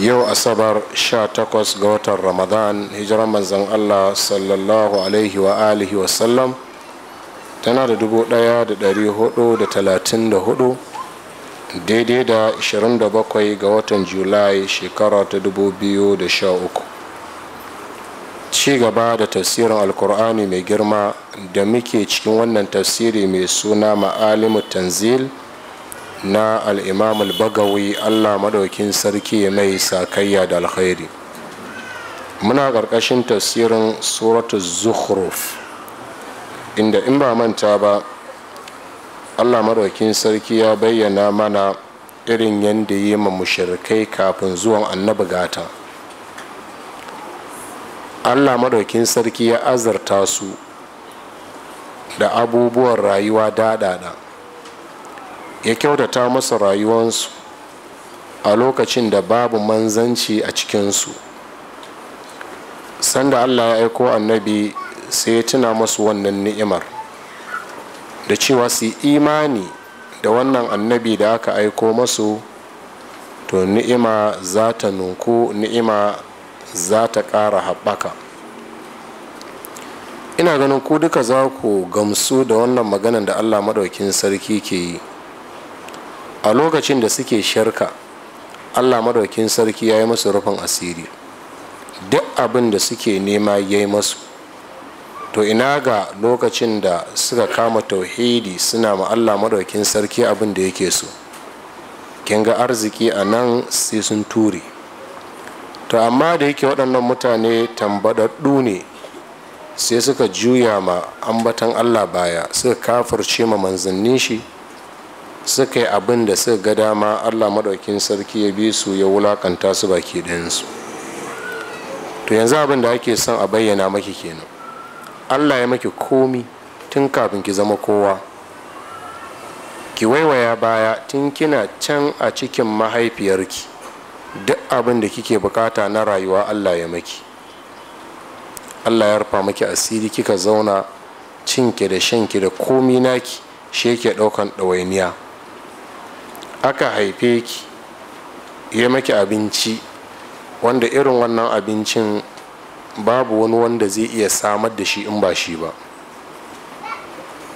yau asabar 18 ga watan ramadan hijiran manzan allah sallallahu alaihi wa alihi wasallam tana da 1434 daidai da 27 ga watan julai shekara ta 2013 ci gaba da tafsirin alkur'ani mai girma da muke cikin wannan tafsiri mai suna ma'alimu tanzil na al'imam al-bagawi allah maɗaukin sarki mai sakayya da alkhairi muna ƙarƙashin tasirin suratu zukhruf inda in ba manta ba allah maɗaukin sarki ya bayyana mana irin yadda yi ma mushirkai kafin zuwan annabi gata allah maɗaukin sarki ya azarta su da abubuwan rayuwa daɗaɗa ya kyautata masa rayuwansu a lokacin da babu manzanci a cikinsu sanda allah ya aiko annabi sai ya tuna masu wannan ni'imar da cewa su imani da wannan annabi da aka aiko masu to ni'ima za ta nunku ni'ima za ta ƙara haɓaka ina ganin ku duka za ku gamsu da wannan maganan da allah maɗaukin sarki ke yi a lokacin da suke shirka allah madaukin sarki ya yi musu rufin asiri duk abin da suke nema ya yi masu to ina ga lokacin da suka kama tauhidi suna ma allah madaukin sarki abin da yake so kin ga arziki a nan sai sun ture to amma da yake waɗannan mutane tambaɗaɗɗu ne sai suka juya ma ambatan allah baya suka kafarce ma manzannin shi suka yi abin da suka ga dama allah maɗaukin sarki ya bi su ya wulakanta su baki ɗayansu to yanzu abin da ake son a bayyana maki kenan allah ya maki komi tun kafin ki zama kowa ki waiwaya baya tun kina can a cikin mahaifiyarki duk abin da kike bukata na rayuwa allah ya maki allah ya rufa maki asiri kika zauna cinki da shanki da komi naki shi yake ɗaukan ɗawainiya aka haife ki ya maki abinci wanda irin wannan abincin babu wani wanda zai iya samar da shi in ba shi ba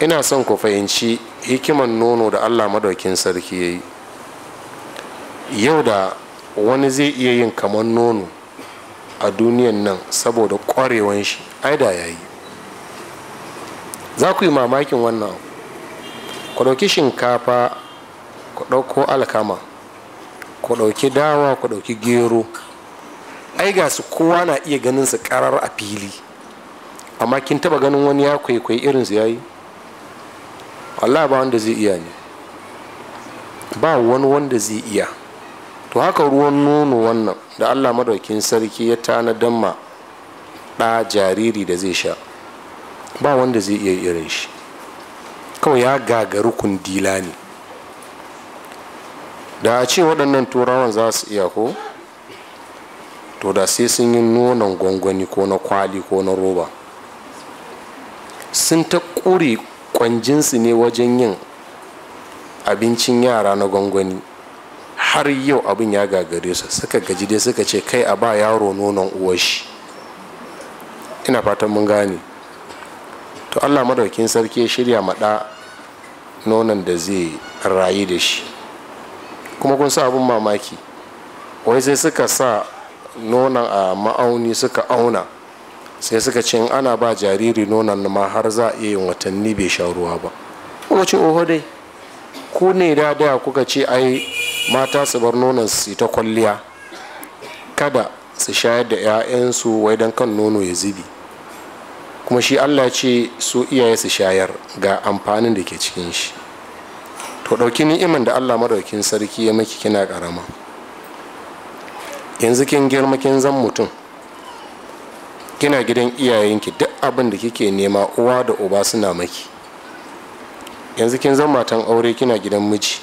ina son ku fahimci hikiman nono da allah madaukin sarki ya yi yau da wani zai iya yin kamar nono a duniyan nan saboda kwarewan shi aida ya yi za ku yi mamakin wannan ku ɗauki shinkafa ku ɗauko alkama ku ɗauki dawa ku ɗauki gero ai ga su kowa na iya ganin su karar a fili amma kin taba ganin wani ya kwaikwayi irin su yayi Allah ba wanda zai iya ne ba wani wanda zai iya to haka ruwan nono wannan da Allah madaukin sarki ya tana damma ɗa jariri da zai sha ba wanda zai iya irin shi kawai ya gagaru kundila ne da a ce waɗannan turawan za su iya ko to da sai sun yi nonon gwangwani ko na kwali ko na roba sun ta ƙwanjinsu kwanjinsu ne wajen yin abincin yara na gwangwani har yau abin ya gagare su suka gaji dai suka ce kai a ba yaro nonon uwashi ina fatan mun gane to allah madaukin sarki ya shirya maɗa nonon da zai rayu da shi kuma kun sa abin mamaki wai sai suka sa nonon a ma'auni suka auna sai suka ce ana ba jariri nonon ma har za a iya yin watanni bai sha ruwa ba kuma ce oho dai ku ne da daya kuka ce ai mata su bar nonon su ta kwalliya kada su shayar da 'ya'yansu wai don kan nono ya zubi kuma shi allah ce su iyaye su shayar ga amfanin da ke cikin shi ku ɗauki ni'iman da allah maɗaukin sarki ya maki kina ƙarama yanzu kin girma kin zan mutum kina gidan iyayenki duk abin da kike nema uwa da uba suna maki yanzu kin zan matan aure kina gidan miji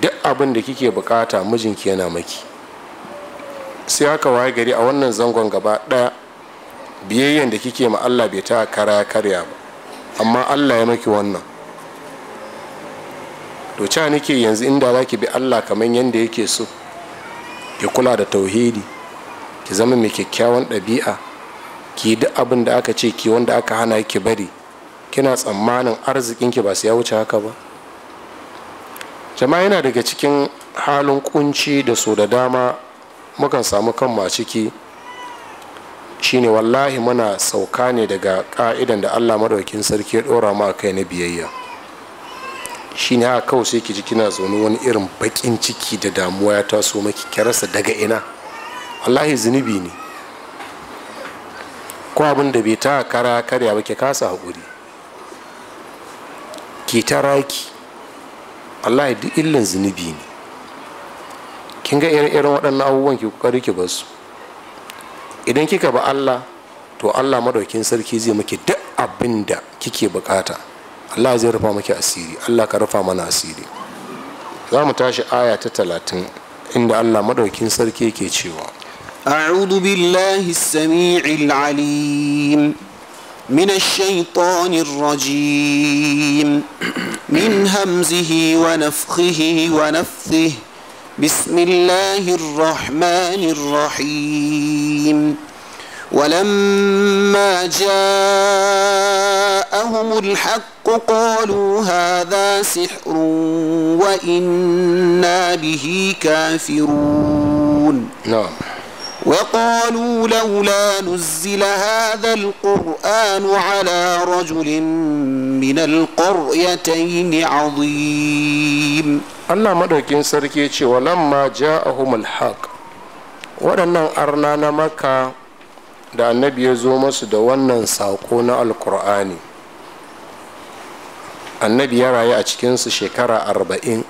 duk abin da kike bukata mijinki yana maki sai haka waye gari a wannan zangon gaba ɗaya biyayyen da kike ma allah bai ta kara karya ba amma allah ya maki wannan to ca nake yanzu inda za ki bi allah kamar yadda yake so ki kula da tauhidi ki zama mai kyakkyawan ɗabi'a ki duk abin da aka ce ki wanda aka hana ki bari kina tsammanin arzikin ki ba su ya wuce haka ba jama'a yana daga cikin halin kunci da su da dama mukan samu kan ma ciki shine wallahi muna sauka ne daga ka'idan da allah madaukin sarki ya ɗora mu a kai na biyayya shine haka kawai sai ki ji kina zaune wani irin baƙin ciki da damuwa ya taso maki ki rasa daga ina wallahi zunubi ne ko abin da bai ta kara karya ba ki kasa haƙuri ki ta raki wallahi duk illan zunubi ne kin ga irin waɗannan abubuwan ki kokari ki basu idan kika ba Allah to Allah madaukin sarki zai maki duk abin da kike bukata Allah zai rufa maki asiri Allah ka rufa mana asiri za mu tashi aya ta talatin inda Allah madaukin sarki yake cewa أعوذ بالله السميع العليم من الشيطان الرجيم من همزه ونفخه ونفثه بسم الله الرحمن الرحيم ولما جاءهم الحق قالوا هذا سحر وإنا به كافرون نعم وقالوا لولا نزل هذا القرآن على رجل من القريتين عظيم الله مدرك سركيتي ولما جاءهم الحق waɗannan أرنا مكة da annabi ya zo masu da wannan saƙo na alkur'ani annabi ya rayu a cikinsu shekara arba'in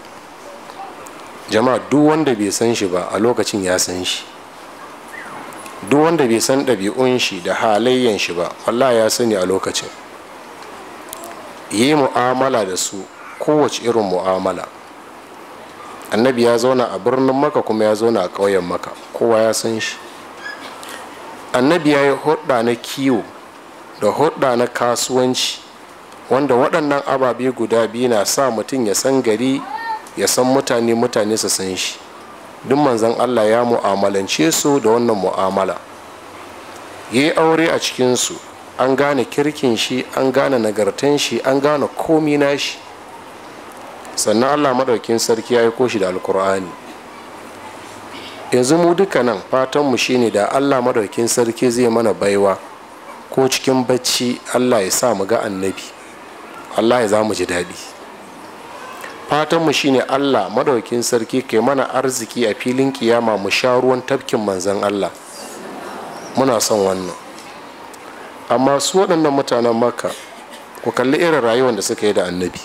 jama'a duk wanda bai san shi ba a lokacin ya san shi duk wanda bai san ɗabi'un shi da halayyan shi ba Allah ya sani a lokacin yi mu'amala da su kowace irin mu'amala annabi ya zauna a birnin maka kuma ya zauna a ƙauyen maka kowa ya san shi annabi ya yi hudda na kiwo da hudda na kasuwanci wanda waɗannan ababe guda biyu na sa mutum ya san gari ya san mutane mutane su san shi duk manzan allah ya mu'amalance su da wannan mu'amala ya yi aure a cikinsu an gane kirkin shi an gane nagartan shi an gane komi na shi sannan allah maɗaukin sarki ya yi koshi da alkur'ani yanzu mu duka nan fatanmu shine da allah madaukin sarki zai mana baiwa ko cikin bacci allah ya sa mu ga annabi allah ya za mu ji daɗi fatanmu shine allah madaukin sarki kai mana arziki a filin kiyama mu sha ruwan tafkin manzan allah muna son wannan amma su waɗannan mutanen Makka ku kalli irin rayuwar da suka yi da annabi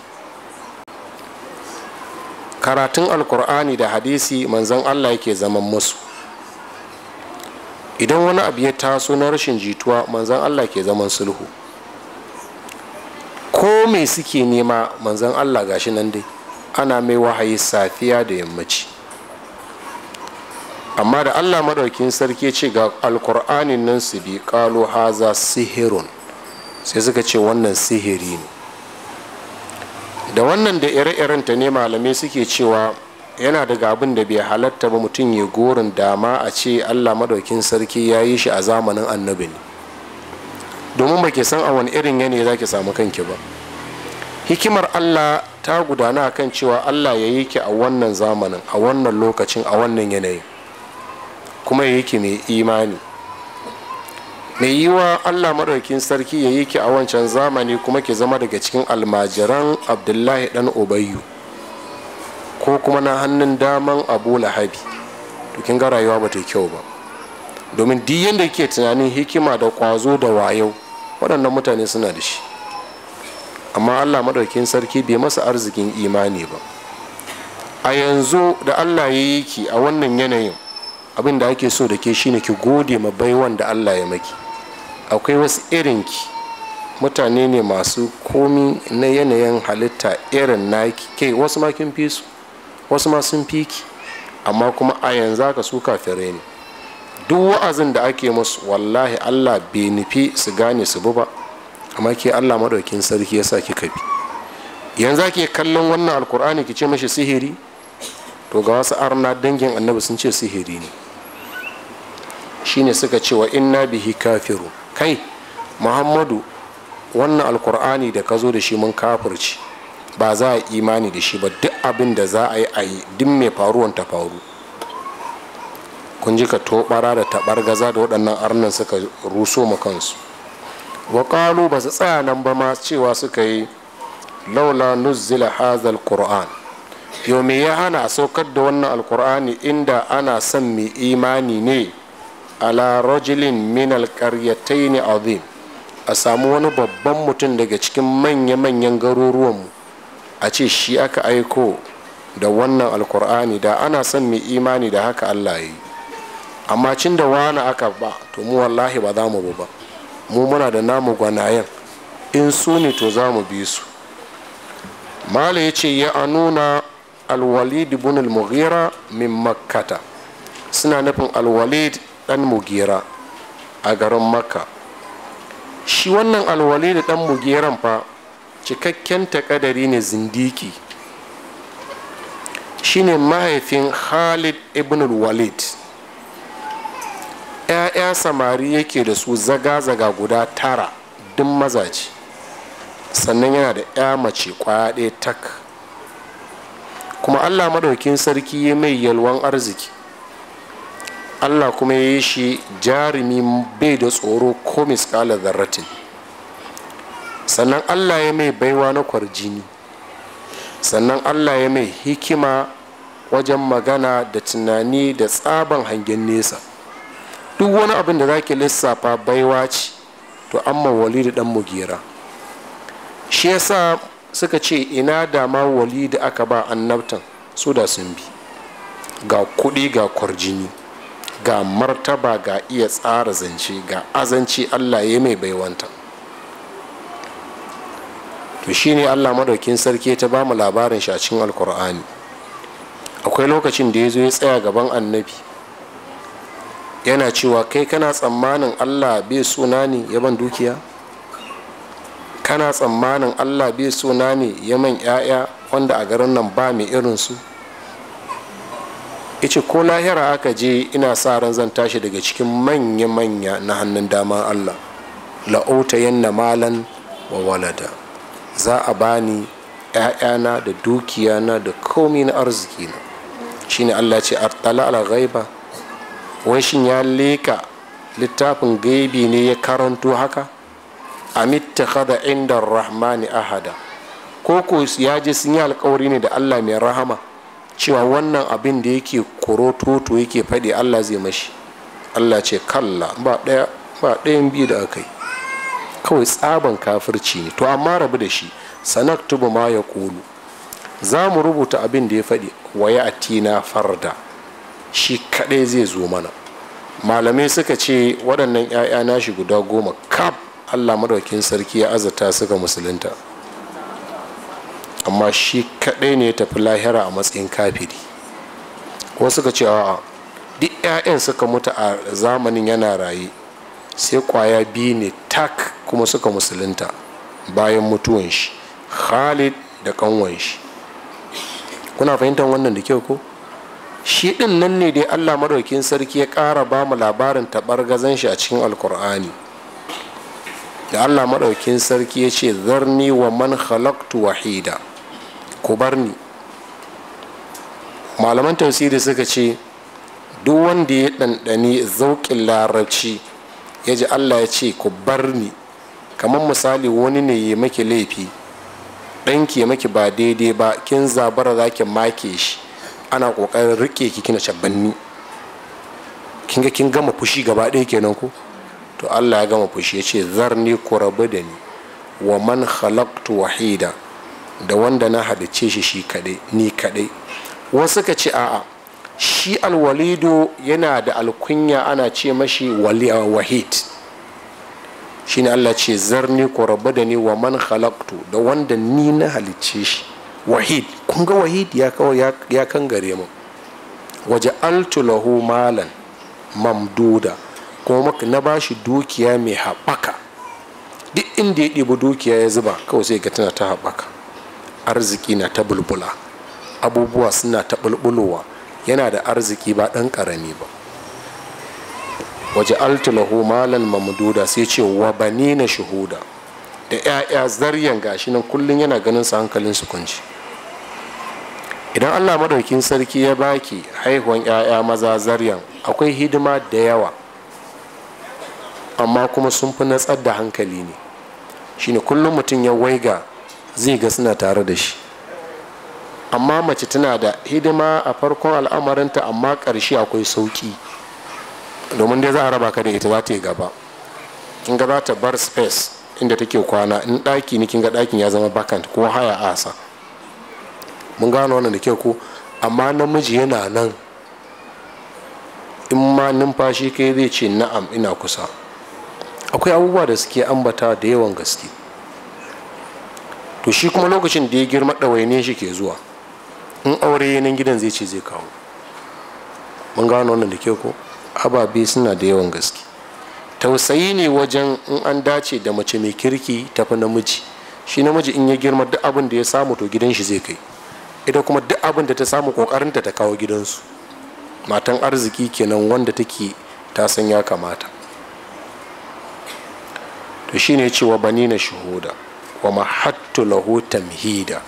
karatun alkur'ani da hadisi manzan allah yake zaman musu idan wani abu ya taso na rashin jituwa manzan allah ke zaman sulhu ko mai suke nema manzan allah gashi nan dai ana mai wahayi safiya da yammaci amma da allah maɗaukin sarki ce ga alkur'anin nan su bi ƙalo haza sihirun sai suka ce wannan sihiri ne da wannan da ire iren ta ne malamai suke cewa yana daga abin da bai halatta ba mutum ya gorin dama a ce allah madaukin sarki ya yi shi a zamanin annabi ne domin ba ke san a wani irin yanayi za ki samu kanki ba hikimar allah ta gudana a kan cewa allah ya yi ki a wannan zamanin a wannan lokacin a wannan yanayi kuma ya yi ki mai imani mai yiwa allah maɗaukin sarki ya yi ki a wancan zamani kuma ki zama daga cikin almajiran abdullahi dan obayu ko kuma na hannun daman abu lahabi to ga rayuwa ba ta kyau ba domin duk yadda ke tunanin hikima da kwazo da wayo waɗannan mutane suna da shi amma allah maɗaukin sarki bai masa arzikin imani ba a yanzu da allah ya yi ki a wannan yanayin abin da ake so da ke shine ki gode ma baiwan da allah ya maki akwai wasu irinki mutane ne masu komi na yanayin halitta irin naki ke wasu ma kin fi su wasu ma sun fi ki amma kuma a yanzu ka su kafirai ne duk wa'azin da ake musu wallahi allah bai nufi su gane su bi ba amma ke allah maɗaukin sarki ya sa kika bi yanzu ake kallon wannan alkur'ani ki ce mashi sihiri to ga wasu arna dangin annabi sun ce sihiri ne shine suka ce wa inna bihi kafiru kai muhammadu wannan alkur'ani da ka zo da shi mun kafirci ba za a imani da shi ba duk abin da za a yi a yi duk mai faruwan ta faru kun ji ka tobara da gaza da waɗannan arnan suka ruso ma kansu waƙalu ba su tsaya nan ba ma cewa suka yi laula nuzzila hazal qur'an yau me ya hana saukar da wannan alkur'ani inda ana son mai imani ne ala rajulin min alƙaryataini azim a samu wani babban mutum daga cikin manya-manyan garuruwanmu a ce shi aka aiko da wannan alkur'ani da ana son mai imani da haka allah yi amma cin da wani aka ba to mu wallahi ba za mu bu ba mu muna da namu gwanayen in su ne to za mu bi su mala ya ce ya anuna alwalid ibn al-mughira min makkata suna nufin alwalid Dan mugera a garin makka shi wannan alwali da Dan mugeran fa cikakken takadari ne zindiki shine mahaifin khalid ibn walid ‘ya'ya samari yake da su zaga-zaga guda tara din mazaje sannan yana da ‘ya mace kwaya ɗaya tak kuma allah maɗaukin sarki ya mai yalwan arziki allah kuma ya yi shi jarumi bai da tsoro ko miskala zarratin sannan allah ya mai baiwa na kwarjini sannan allah ya mai hikima wajen magana da tunani da tsaban hangen nesa duk wani abin da za zaki lissafa baiwa ce to amma wali da dan mugera shi yasa suka ce ina da ma wali da aka ba annabtan su da sun bi ga kuɗi ga kwarjini ga martaba ga iya tsara zance ga azanci allah ya mai baiwanta to shi ne allah madaukin sarki ta ba mu labarin shacin a alkur'ani akwai lokacin da ya zo ya tsaya gaban annabi yana cewa kai kana tsammanin allah bai suna ne ya ban dukiya kana tsammanin allah bai suna ne ya man 'ya'ya wanda a garin nan ba mai irinsu su yace ko lahira aka je ina sa ran zan tashi daga cikin manya manya na hannun daman Allah la'uta yanna malan wa walada za a bani ‘ya'yana da dukiyana da komi na arziki na shine Allah ce artala ala ghaiba shin ya leka littafin gaibi ne ya karanto haka amitta kada inda rahmani ahada ko ko ya je sun yi alkawari ne da Allah mai rahama cewa wannan abin da yake korototo yake faɗi allah zai mashi allah ce kalla ba ɗaya ɗayan biyu da aka yi kawai tsaban kafirci ne to amma rabu da shi Tubu ma ya kulu za mu rubuta abin da ya faɗi waya atina farda shi kaɗai zai zo mana malamai suka ce waɗannan 'ya'ya nashi guda goma kaf allah madaukin sarki ya azata suka musulunta amma shi kaɗai ne ya tafi lahira a matsayin kafiri wasu ka ce a duk 'ya'yan suka mutu a zamanin yana raye sai kwaya biyu ne tak kuma suka musulunta bayan mutuwan shi khalid da kanwan shi kuna fahimtar wannan da kyau ko shi ɗin nan ne dai allah maɗaukin sarki ya kara ba mu labarin taɓargazan shi a cikin alkur'ani da allah maɗaukin sarki ya ce zarni wa man khalaqtu wahida ku bar ni malaman tafsiri suka ce duk wanda ya ɗanɗani zauƙin larabci ya ji allah ya ce ku bar ni kamar misali wani ne ya maki laifi ɗanki ya maki ba daidai ba kin zabara za ki make shi ana ƙoƙarin rike ki kina cabbanni kin ga kin gama fushi gaba ɗaya kenan ku to allah ya gama fushi ya ce zar ni ku rabu da ni wa man khalaqtu wahida da wanda na halicce shi shi kadai ni kadai wasu ka ce a'a shi alwalido yana da alkunya ana ce mashi ah, wahid shi ne allah ce zarni ko rabu da ni wa man halaktu da wanda ni na halicce shi wahid kun wahid ya kawai ya kan gare mu waje altulahu malan mamduda kuma na ba shi dukiya mai haɓaka duk inda ya ɗibi dukiya ya zuba kawai sai ga tana ta haɓaka arziki na ta bulbula abubuwa suna ta bulbulowa yana da arziki ba ɗan ƙarami ba waje altulahu malan mamduda sai ce wa bani na shuhuda da 'ya'ya zaryan gashi nan kullum yana ganin su hankalin su kunci idan allah maɗaukin sarki ya baki haihuwan 'ya'ya maza zaryan akwai hidima da yawa amma kuma sun fi natsar da hankali ne shine kullum mutum ya waiga zai ga suna tare da shi amma mace tana da hidima a farkon al'amarinta amma ƙarshe akwai sauƙi domin dai za a raba ka da ita za ta yi gaba kin ga za ta bar space inda take kwana in ɗaki ne kin ga ɗakin ya zama vacant ko haya asa mun gano wannan da kyau ko amma namiji yana nan in ma numfashi kai zai ce na'am ina kusa akwai abubuwa da suke ambata da yawan gaske to shi kuma lokacin da ya girma ɗawaine shi ke zuwa in aure yanayin gidan zai ce zai kawo mun gano wannan da ke ko ababe suna da yawan gaske tausayi ne wajen in an dace da mace mai kirki tafi namiji shi namiji in ya girma duk abin da ya samu to gidan shi zai kai ita kuma duk abin da ta samu kokarinta ta kawo gidansu matan arziki kenan wanda take ta san ya kamata to shine cewa banina na shuhuda wa mahattu lahu tamhida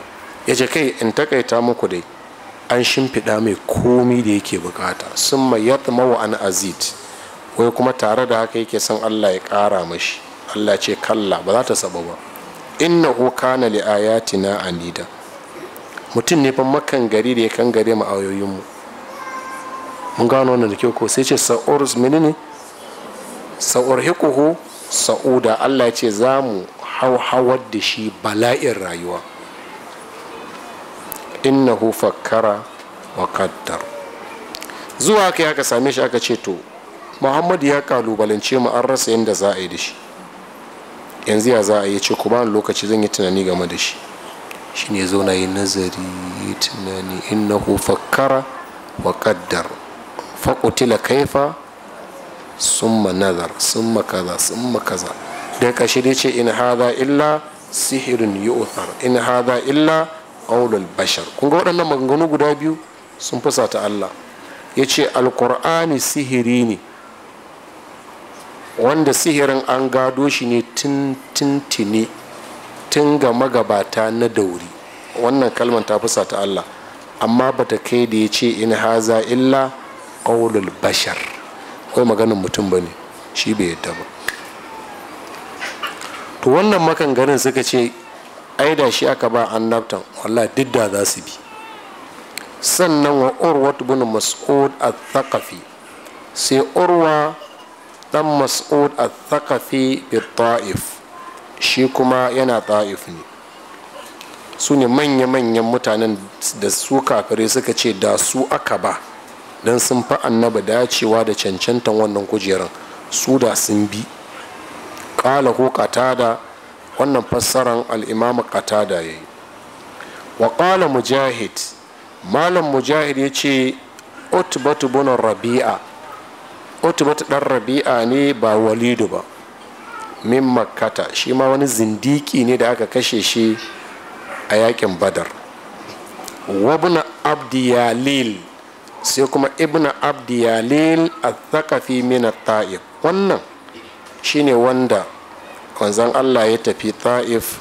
ya ce kai in takaita muku dai an shimfiɗa mai komi da yake bukata sun yatmawa an azid wai kuma tare da haka yake son allah ya ƙara mashi allah ce kalla ba za ta saba ba inna kana li na anida mutum ne ban makan gari da ya kan gare mu ayoyinmu mun gano wannan da kyau ko sai ce sa'ur menene sa'ur hikuhu sa'uda allah ce za mu hauhawar da shi bala'in rayuwa innahu fakkara wa kaddar zuwa kai aka same shi aka ce to muhammadu ya kalubalance mu an rasa yadda za a yi da shi yanzu ya za a yi ce ku ba lokaci zan yi tunani game da shi shi ne zo na yi nazari yi tunani innahu fakkara wa kaddar faƙutila kaifa summa nazar summa kaza summa kaza da kashe da ce in hada illa sihirin yu'thar in hada illa ƙaunar bashar kun waɗannan maganganu guda biyu sun ta Allah ya ce alkur'ani sihiri ne wanda sihirin an gado shi ne tintintini tun ga magabata na dauri wannan kalman ta ta Allah amma bata kai da ya ce in haza illa ƙaunar bashar ko maganin mutum bane shi bai yadda ba to wannan garin suka ce ai da shi aka ba annabtan wallahi duk da za su bi sannan wa urwa ibn mas'ud al-thaqafi sai urwa dan mas'ud al-thaqafi bi ta'if shi kuma yana ta'if ne su ne manya-manyan mutanen da su kafirai suka ce da su aka ba dan sun fi annaba dacewa da cancantan wannan kujeran su da sun bi kala ko katada wannan fassaran al'imamu katada ya yi wa kala mujahid malam mujahid ya ce utubatu bunan rabi'a utubatu dan rabi'a ne ba walidu ba min makkata shi ma wani zindiki ne da aka kashe shi a yakin badar wabna abdiyalil sai kuma ibn abdiyalil a thakafi mina ta'ib wannan shine wanda kwanzan allah ya tafi ta'if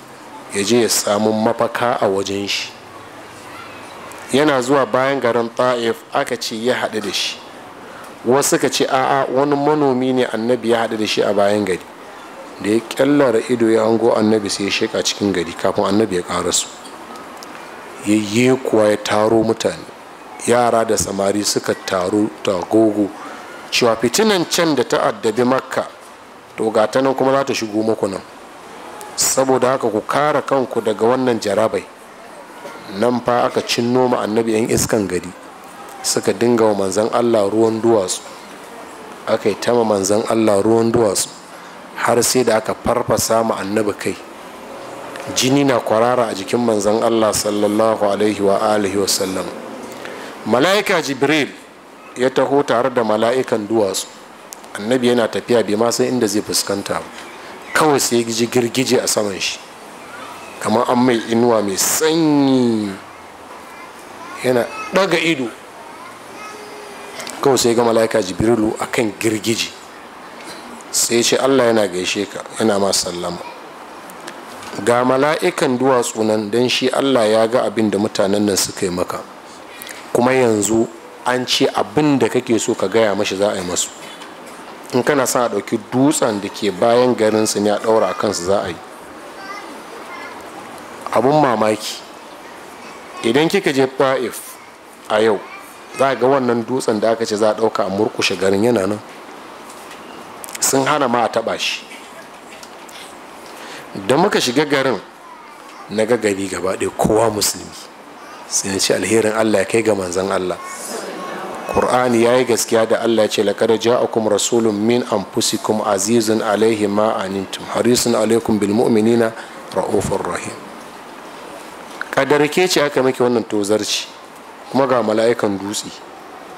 ya je ya samu mafaka a wajen shi yana zuwa bayan garin ta'if aka ce ya haɗu da shi wasu ka ce a'a wani manomi ne annabi ya haɗu da shi a bayan gari da ya kyallara ido ya hango annabi sai ya sheka cikin gari kafin annabi ya ƙara su yayye kuwa ya taro mutane yara da samari suka taro ta gogo. cewa fitinan can da ta addabi makka to ga ta nan kuma za ta shigo muku nan saboda haka ku kara kanku daga wannan jarabai nan fa aka cinno annabi yan iskan gari suka dinga wa manzan allah ruwan duwatsu aka yi tama manzan allah ruwan duwatsu har sai da aka farfasa ma annabi kai jini na kwarara a jikin manzan allah sallallahu alaihi wa alihi wa mala'ika jibril ya taho tare da mala'ikan duwatsu annabi yana tafiya bai ma san inda zai fuskanta ba kawai sai ya ji girgije a saman shi kamar an mai inuwa mai sanyi yana daga ido kawai sai ga mala'ika jibrilu kan girgije sai ce allah yana gaishe ka yana ma sallama ga mala'ikan duwatsu nan don shi allah ya ga abin da mutanen nan suka yi maka kuma yanzu an ce abin da kake so ka gaya mashi za a yi masu in kana son a ɗauki dutsen da ke bayan garin su ne a ɗaura a kansu za a yi abun mamaki idan kika je ta'if a yau za ga wannan dutsen da aka ce za a ɗauka a murkushe garin yana nan sun hana ma a taɓa shi da muka shiga garin na gagari gaba ɗaya kowa musulmi sai ce alherin allah ya kai ga manzan allah qur'ani yi gaskiya da Allah ya ce laqad ja'akum rasulun min anfusikum azizun alaihi ma tun, harisun alaikum bil mu'minina rahim ƙadarke ce aka maki wannan tozarci kuma ga mala'ikan dutse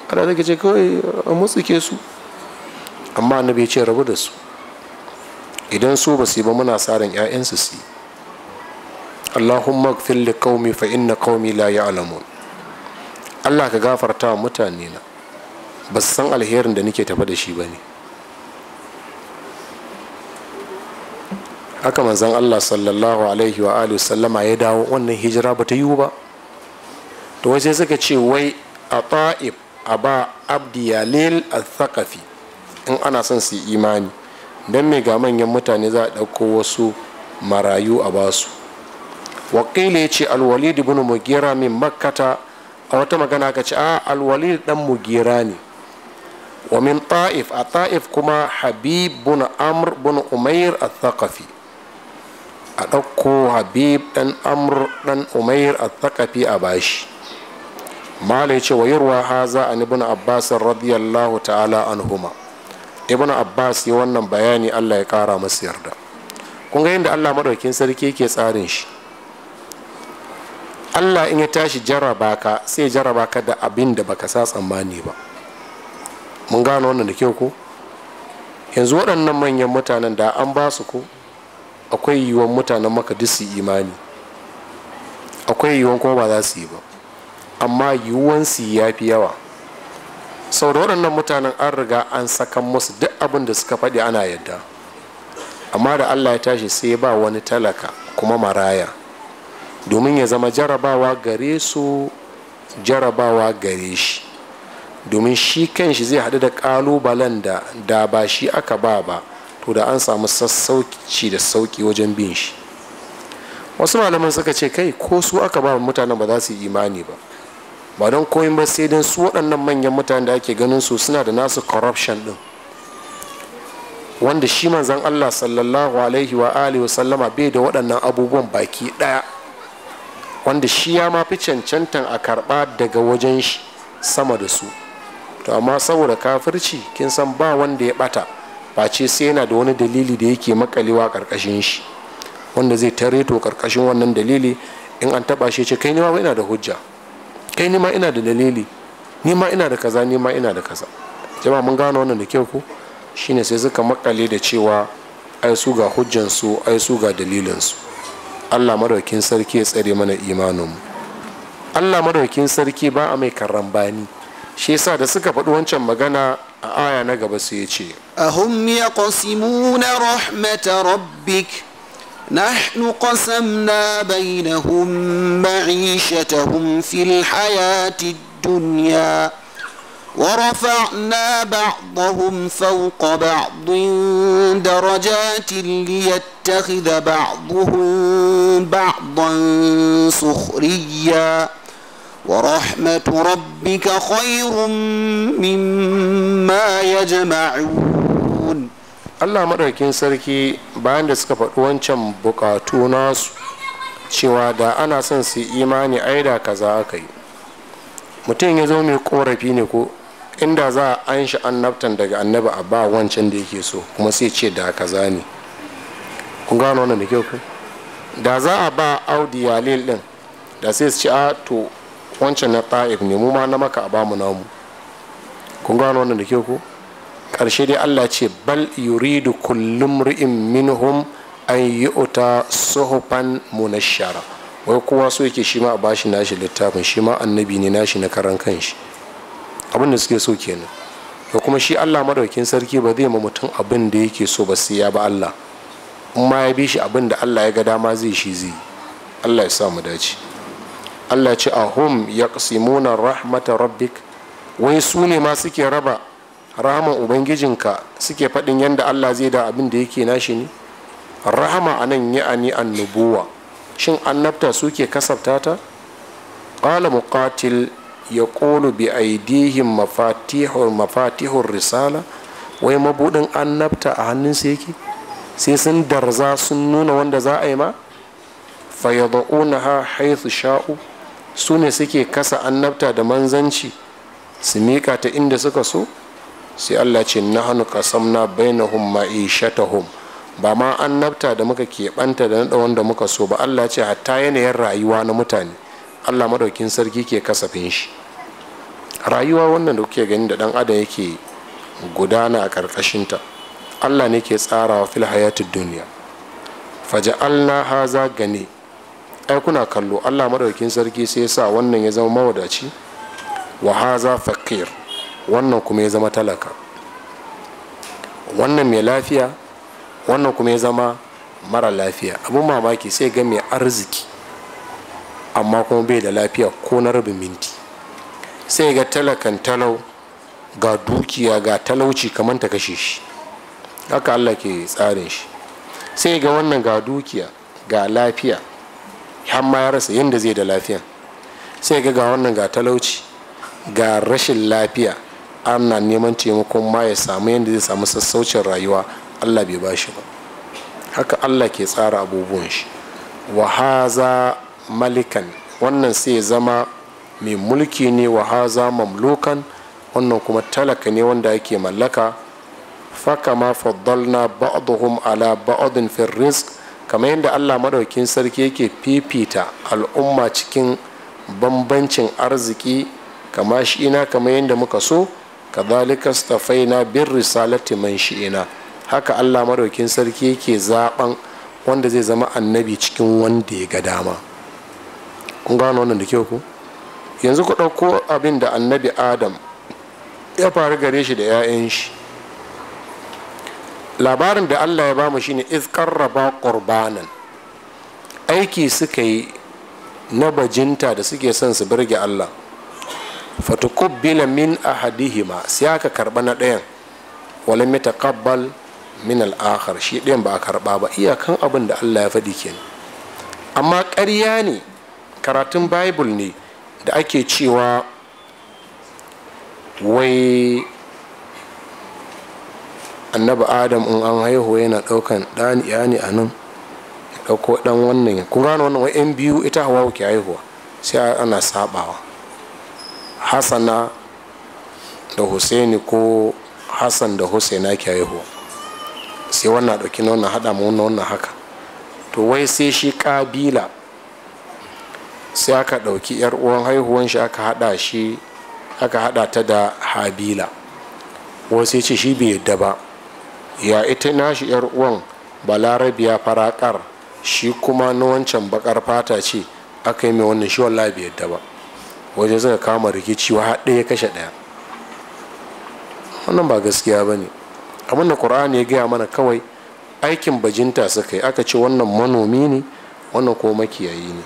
ƙada da ce kawai a ke su amma annabi ya ce rabu da su idan su ba su yi ba muna tsarin 'ya'yansu su yi allahumma gfir li qaumi fa inna qaumi la ya'lamun Allah ka gafarta wa mutane na ba su san alherin da nake tafa da shi ba ne haka manzan allah sallallahu alaihi wa alihi sallama ya dawo wannan hijira ba ta yiwu ba to wace suka ce wai a ta'ib a ba abdi yalil al-thaqafi in ana son su yi imani don mai ga manyan mutane za a ɗauko wasu marayu a basu wakili ya ce alwalid ibn mugira min makata a wata magana ka ce a alwalid dan mugira ne wa min ta'if a ta'if kuma habib bin amr bin umair al-thaqafi a ɗauko habib ɗan amr ɗan umair al-thaqafi a bashi malai ce wa yurwa haza an ibn abbas radiyallahu ta'ala anhuma ibn abbas ya wannan bayani Allah ya kara masa yarda kun ga yadda Allah madaukin sarki yake tsarin shi Allah in ya tashi jarrabaka sai jaraba ka da abinda da baka sa tsammani ba mun gano wannan da kyau ko yanzu waɗannan manyan mutanen da an ba su ko akwai yiwuwan mutanen maka duk imani akwai yiwuwan kuma ba za su yi ba amma yiwuwan su ya fi yawa sau da waɗannan mutanen an riga an sakan musu duk abin da suka faɗi ana yadda amma da allah ya tashi sai ba wani talaka kuma maraya domin ya zama jarabawa gare su jarabawa gare shi domin shi kan shi zai haɗu da ƙalubalen da da ba shi aka ba ba to da an samu sassauci da sauƙi wajen bin shi wasu malaman suka ce kai ko su aka ba mutanen ba za su yi imani ba ba don koyin ba sai don su waɗannan manyan mutanen da ake ganin su suna da nasu corruption ɗin wanda shi manzan allah sallallahu alaihi wa alihi wa sallama bai da waɗannan abubuwan baki ɗaya wanda shi ya ma fi cancantan a karɓa daga wajen shi sama da su to amma saboda kafirci kin san ba wanda ya bata face sai yana da wani dalili da yake makalewa karkashin shi wanda zai tare to karkashin wannan dalili in an taba shi ce kai ni ma ina da hujja kai ni ma ina da dalili ni ma ina da kaza ni ma ina da kaza jama'a mun gano wannan da kyau ko shine sai suka makale da cewa ai su ga hujjan su ai su ga dalilin su Allah madaukin sarki ya tsare mana imanin mu Allah madaukin sarki ba a mai karambani shi yasa da suka faɗi wancan magana a aya na gaba su ya ce ahum yaqsimuna rahmata rabbik نحن قسمنا بينهم معيشتهم في الحياة الدنيا ورفعنا بعضهم فوق بعض درجات ليتخذ بعضهم بعضا سخريا ورحمة ربك خير مما يجمعون الله مدركين سركي bayan da suka faɗi wancan buƙatu nasu cewa da ana son su imani ai da kaza aka yi mutum ya zo mai korafi ne ko inda za a an annabtan daga annaba a ba wancan da yake so kuma sai ce da kaza ne kun gano wannan da kyau da za a ba audi yalil din da sai su ce a wancan na ta'if ne mu ma na maka a bamu namu kun gano wannan da ke ku ƙarshe dai allah ce bal yuridu kullum ri'in minhum an yi uta suhufan munashara wai kowa so yake shi a bashi nashi littafin shi ma annabi ne nashi na karan kanshi abin da suke so kenan to kuma shi allah madaukin sarki ba zai ma mutum abin da yake so ba sai ya ba allah in ya bi shi abin da allah ya ga dama zai shi zai allah ya sa mu dace allah ce a hum ya ƙasimuna rahmata rabbik wai su ne ma suke raba rahama ubangijinka suke faɗin yadda allah zai da abin da yake nashi ne rahama a nan ya ani annubuwa shin annabta suke kasafta ta ƙala muqatil ya ƙolu bi aidihin mafatihur mafatihun risala wai mabudin annabta a su yake sai sun darza sun nuna wanda za a yi ma ha haithu sha'u su ne suke kasa annabta da manzanci su miƙa ta inda suka so sai allah ce na hannu kasamna bainahum ma'ishatahum ba ma annabta da muka keɓanta da naɗa wanda muka so ba allah ce hatta yanayin rayuwa na mutane allah madaukin sarki ke kasafin shi rayuwa wannan da kuke gani da ɗan adam yake gudana a ƙarƙashinta allah ne ke tsarawa fil hayatid duniya faja'alna haza gane ai kuna kallo allah madaukin sarki sai ya sa wannan ya zama mawadaci wa haza fakir wannan kuma ya zama talaka wannan mai lafiya wannan kuma ya zama mara lafiya abin mamaki sai ga mai arziki amma kuma bai da lafiya ko na rabin minti sai ga talakan talau ga dukiya ga talauci kamar ta kashe shi haka allah ke tsarin shi sai ga wannan ga dukiya ga lafiya har ma ya rasa yadda zai da lafiya sai ga ga wannan ga talauci ga rashin lafiya ana neman taimakon ma ya samu yadda zai samu sassaucin rayuwa allah bai ba shi ba haka allah ke tsara abubuwan shi wahaza malikan wannan sai zama mai mulki ne wahaza mamlukan wannan kuma talaka ne wanda yake mallaka fakama faddalna ba'dhum ala ba'dhin fi kamar yadda allah maɗaukin sarki yake fifita al'umma cikin bambancin arziki kama shi'ina kamar yadda muka so stafai na bin risalati man shi'ina haka allah maɗaukin sarki yake zaben wanda zai zama annabi cikin wanda ya ga dama kun gano wannan da kyau ku yanzu ku ɗauko abin da annabi adam ya faru gare shi da 'ya'yan shi labarin da allah ya ba mu shine iz qarraba qurbanan aiki suka yi na bajinta da suke son su birge allah fatukubbila min ahadihima sai aka karba na ɗayan walam yataqabbal min al-akhar shi ɗayan ba a karba ba iyakan abin da allah ya faɗi kenan amma ƙarya ne karatun bible ne da ake cewa wai annabi adam in an haihu yana ɗaukan ɗani yani a nan ya dauko ɗan wannan kun gano wannan wa'in biyu ita hawa ke haihuwa sai ana sabawa hasana da husaini ko hassan da husaina ke haihuwa sai wannan ɗauki na wannan haɗa mu wannan haka to wai sai shi ƙabila sai aka ɗauki yar uwan haihuwan shi aka haɗa shi aka hada ta da habila wasu ya ce shi bai yadda ba ya ita nashi yar uwan balarabiya farakar shi kuma na wancan bakar fata ce aka yi mai wannan shi wallahi bai yadda ba wajen suka kama rikici wa har ɗaya kashe ɗaya wannan ba gaskiya ba ne abinda ƙur'ani ya gaya mana kawai aikin bajinta suka yi aka ce wannan manomi ne wannan ko makiyayi ne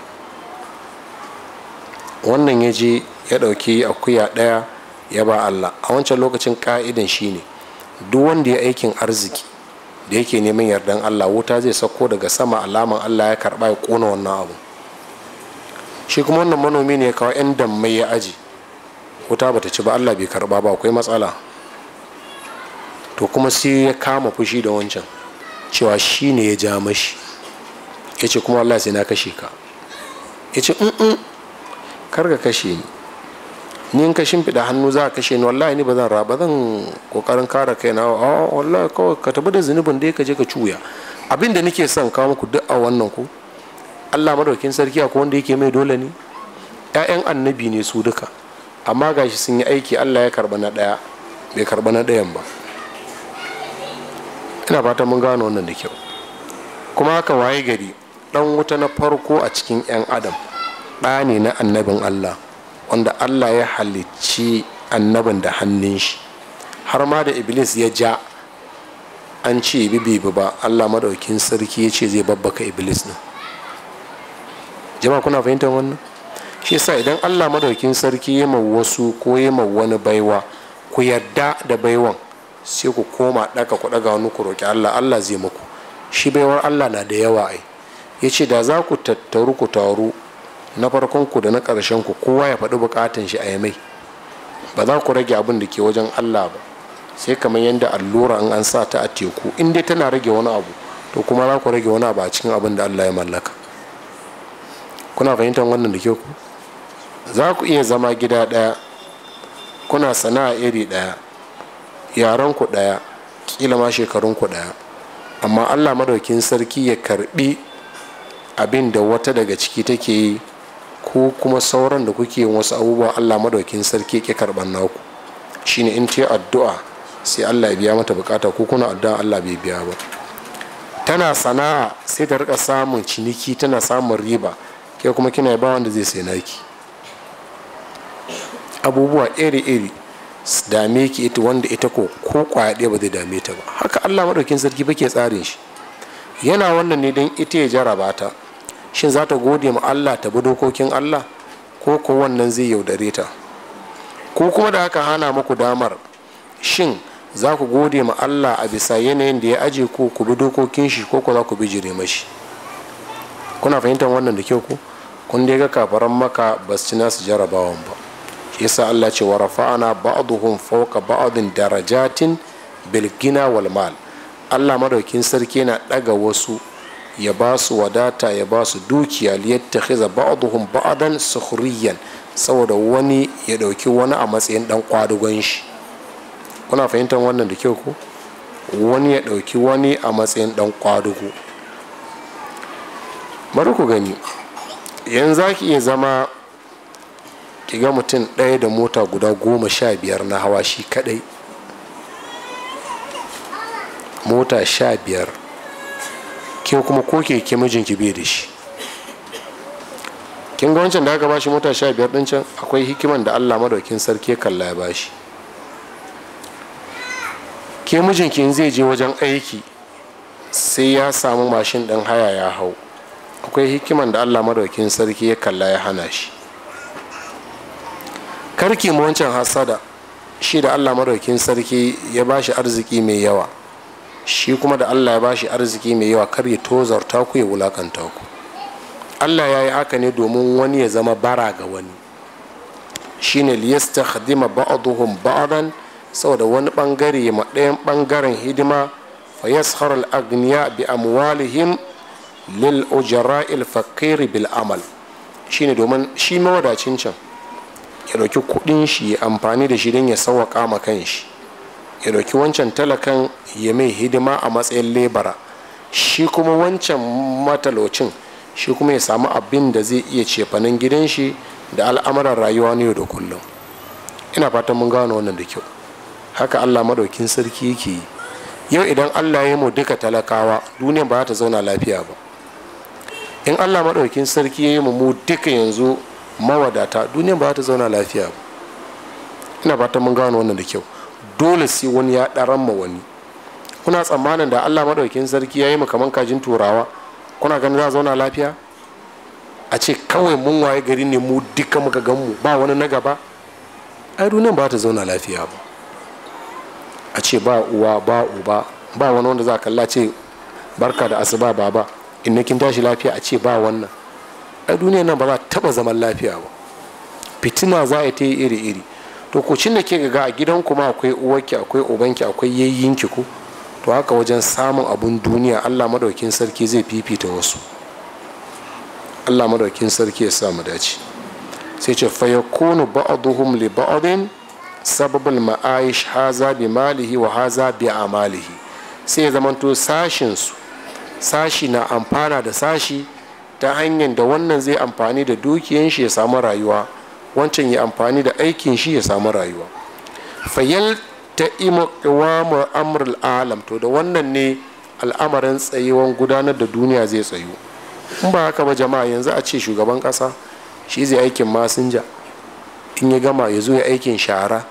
wannan ya je ya ɗauki akuya ɗaya ya ba allah a wancan lokacin ƙa'idan shi ne duk wanda ya aikin arziki da yake neman yardan Allah wuta zai sauko daga sama alaman Allah ya karba ya kona wannan abu shi kuma wannan manomi ne ya kawo yan dammai ya aji wuta bata ci ba Allah bai karba ba akwai matsala to kuma sai ya kama fushi da wancan cewa shi ne ya ja mashi ya ce kuma Allah sai na kashe ka ya ce kar ka kashe ni ni in ka shimfiɗa hannu za ka kashe ni wallahi ni ba zan raba zan kokarin kare kaina a ah, wallahi kawai ka tabbata da zunubin da ka je ka cuya abin da nake son kawo muku duk a wannan ku Allah madaukakin sarki ko wanda yake mai dole ne ƴaƴan annabi ne su duka amma gashi sun yi aiki Allah ya karba na ɗaya bai karba na ɗayan ba ina fata mun gano wannan da kyau kuma haka waye gari dan wuta na farko a cikin ƴan adam ɗa ne na annabin Allah wanda allah ya halicci annabin da hannun shi har ma da iblis ya ja an ce bibi ba allah madaukin sarki ya ce zai babbaka iblis ne. jama'a kuna fahimtar wannan shi sa idan allah madaukin sarki ya wasu ko ya wani baiwa ku yarda da baiwan sai ku koma ɗaka ku ɗaga wani ku roƙi allah allah zai muku shi baiwar allah na da yawa ai ya ce da za ku tattaru ku taru na farkon ku da na ƙarshen ku kowa ya faɗi bukatan shi a mai ba za ku rage abin da ke wajen Allah ba sai kamar yadda allura in an sa ta a teku in dai tana rage wani abu to kuma za ku rage wani abu a cikin abin da Allah ya mallaka kuna fahimtar wannan da ke ku za ku iya zama gida ɗaya kuna sana'a iri ɗaya yaran ku ɗaya kila ma shekarun ku ɗaya amma Allah madaukin sarki ya karbi abin da wata daga ciki take yi ko kuma sauran da kuke yin wasu abubuwa allah madaukin sarki ke karɓar naku shine in ta addu'a sai allah ya biya mata bukata ko kuna addu'a allah bai biya ba tana sana'a sai ta rika samun ciniki tana samun riba ke kuma kina ba wanda zai sai naki abubuwa iri-iri dame ki ita wanda ita ko ko kwaya ɗaya ba zai dame ta ba haka allah madaukin sarki ba ke tsarin shi yana wannan ne don ita ya jaraba ta shin za ta gode ma allah ta bi dokokin allah ko ko wannan zai yaudare ta ko kuma da haka hana muku damar shin za ku gode ma allah a bisa yanayin da ya aje ku ku bi dokokin shi ko ku za ku bi jire mashi kuna fahimtar wannan da kyau ku kun dai ga kafaran maka ba su ci nasu jarabawan ba shi yasa allah ce wa rafa'ana ba'duhum fawqa ba'din darajatin bilgina wal mal allah madaukin sarki na daga wasu ya ba su wadata ya ba su dukiya liyattakhiza ba'dhum ba'dan sukhriyan saboda wani ya dauki wani a matsayin dan kwadugon shi kuna fahimtar wannan da kyau ko wani ya dauki wani a matsayin dan kwadugo bari ku gani yanzu za ki iya zama ki ga mutum ɗaya da mota guda goma sha biyar na hawa shi kaɗai mota sha biyar ke kuma ko ke mijinki bai da shi kin ga wancan da aka bashi mota sha biyar din can akwai hikiman da allah madaukin sarki kalla ya bashi ke mijinki in zai je wajen aiki sai ya samu mashin din haya ya hau akwai hikiman da allah madaukin sarki ya kalla ya hana shi karki mu wancan hasada shi da allah madaukin sarki ya bashi arziki mai yawa shi kuma da allah ya bashi arziki mai yawa kar ya tozarta ku ya wulakanta ku allah ya yi haka ne domin wani ya zama bara ga wani Shi ne liyasta hadima ba'aduhun ba'adan saboda wani bangare ma ɗayan bangaren hidima fa yaskhar al agniya bi amwalihim lil ujara il fakiri bil amal Shi ne domin shi mawadacin can ya ɗauki kuɗin shi ya amfani da shi don ya sawwaka ma shi. ya ɗauki wancan talakan ya mai hidima a matsayin lebara shi kuma wancan matalocin shi kuma ya samu abin da zai iya cefanen gidan shi da al'amuran rayuwa na yau da kullum ina fatan mun gano wannan da kyau haka allah madaukin sarki yake yi yau idan allah ya mu duka talakawa duniya ba ta zauna lafiya ba in allah madaukin sarki ya yi mu duka yanzu mawadata duniya ba ta zauna lafiya ba ina fatan mun gano wannan da kyau dole sai wani ya ɗaran ma wani kuna tsammanin da allah maɗaukin sarki ya yi mu kaman kajin turawa kuna ganin za a zauna lafiya a ce kawai mun waye gari ne mu duka muka gan mu ba wani na gaba ai duniyan ba ta zauna lafiya ba a ce ba uwa ba uba ba wani wanda za a kalla ce barka da asuba baba in kin tashi lafiya a ce ba wannan ai duniyan nan ba za taba zaman lafiya ba fitina za a ta yi iri iri to ku cin da ke ga a gidanku ma akwai uwarki akwai ubanki akwai yayyinki ko to haka wajen samun abun duniya allah madaukin sarki zai fifita wasu allah madaukin sarki ya samu dace sai ce fayakunu ba'aduhum li ba'adin sababul ma'aish haza bi malihi wa haza bi amalihi sai ya zamanto sashin su sashi na amfana da sashi ta hanyar da wannan zai amfani da dukiyan shi ya samu rayuwa wancan ya amfani da aikin shi ya samu rayuwa fayal ta iwamar amrul alam to da wannan ne al'amarin tsayuwan gudanar da duniya zai tsayu in ba haka ba jama'a yanzu a ce shugaban kasa shi zai aikin masinja in ya gama ya zo ya aikin shara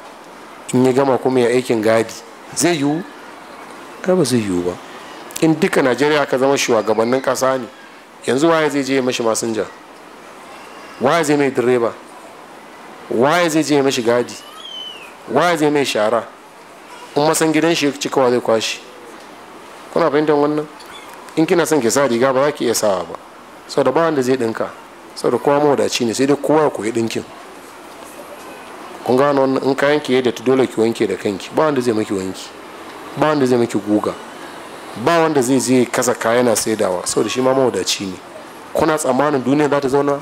in ya gama kuma ya aikin gadi zai yiwu ai ba zai yiwu ba in duka najeriya ka zama shugabannin kasa ne yanzu waye zai je mashi masinja waye zai mai direba waye zai je mashi gadi waye zai mai shara kuma san gidan shi cikawa zai kwashi kuna fahimtar wannan in kina son ki sa riga ba za ki iya sawa ba saboda ba wanda zai dinka saboda kowa mawadaci ne sai dai kowa ku yi dinkin kun gano wannan in kayan ki yadda dole ki wanke da kanki ba wanda zai maki wanki ba wanda zai maki guga ba wanda zai zai kasa kaya na saidawa saboda shi ma mawadaci ne kuna tsammanin duniya za ta zauna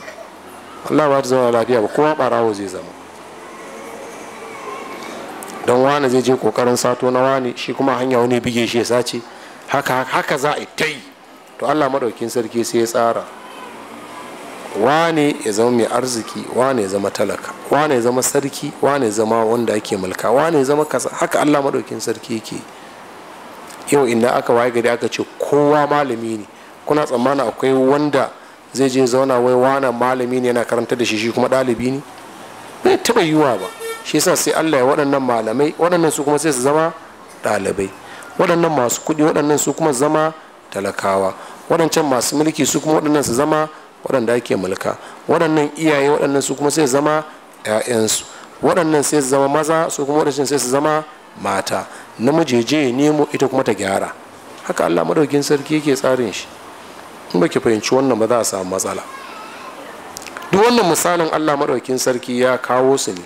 Allah ba ta zauna lafiya ba kuma barawo zai zama don wani zai je kokarin sato na wani shi kuma hanya wani bige shi ya sace haka za a ta yi to allah madaukin sarki sai ya tsara wane ya zama mai arziki wane ya zama talaka wane ya zama sarki wane ya zama wanda ake mulka wane ya zama kasa haka allah madaukin sarki yake yau inda aka waye gari aka ce kowa malami ne kuna tsammanin akwai wanda zai je zauna wai wana malami ne yana karanta da shi shi kuma ɗalibi ne bai taɓa yiwuwa ba shi yasa sai Allah ya waɗannan malamai waɗannan su kuma sai su zama ɗalibai waɗannan masu kuɗi waɗannan su kuma zama talakawa waɗancan masu mulki su kuma waɗannan su zama waɗanda ake mulka waɗannan iyaye waɗannan su kuma sai su zama 'ya'yansu waɗannan sai su zama maza su kuma waɗancan sai su zama mata namijeje nemo ita kuma ta gyara haka Allah madaukin sarki yake tsarin shi in baki fahimci wannan ba za a samu matsala duk wannan misalin Allah madaukin sarki ya kawo su ne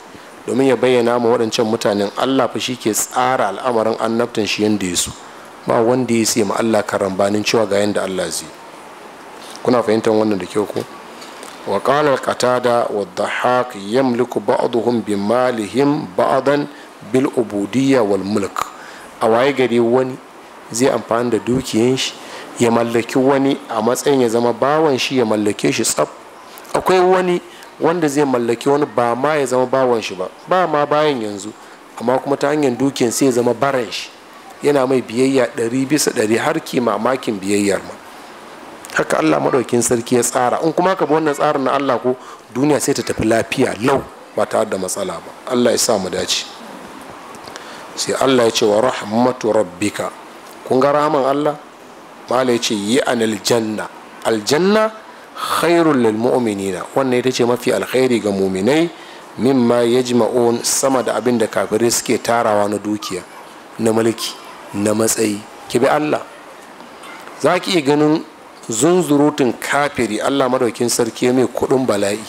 domin ya bayyana ma waɗancan mutanen allah fa shi ke tsara al'amarin annabtan shi yadda ya su ba wanda ya sai ma allah karambanin cewa ga yadda allah zai kuna fahimtar wannan da kyau ko wa qala qatada wa dhahak yamliku ba'dhum bi malihim ba'dan bil ubudiyya wal mulk a waye gari wani zai amfani da dukiyan shi ya mallaki wani a matsayin ya zama bawan shi ya mallake shi tsaf akwai wani wanda zai mallaki wani ba ma ya zama bawan shi ba ba ma bayan yanzu amma kuma ta hanyar dukiyan sai ya zama baran shi yana mai biyayya ɗari bisa ɗari har ki mamakin biyayyar ma haka allah maɗaukin sarki ya tsara in kuma ka bi wannan tsarin na allah ko duniya sai ta tafi lafiya lau ba ta da matsala ba allah ya sa mu dace sai allah ya ce wa rahmatu rabbika kun ga rahman allah mala ya ce yi an aljanna aljanna khairul lil mu'minina wannan ita ce mafi alkhairi ga muminai mimma yajma'un sama da abin da kafirai suke tarawa na dukiya na mulki na matsayi ki bi Allah za ki iya ganin zunzurutun kafiri Allah madaukin sarki mai kudin bala'i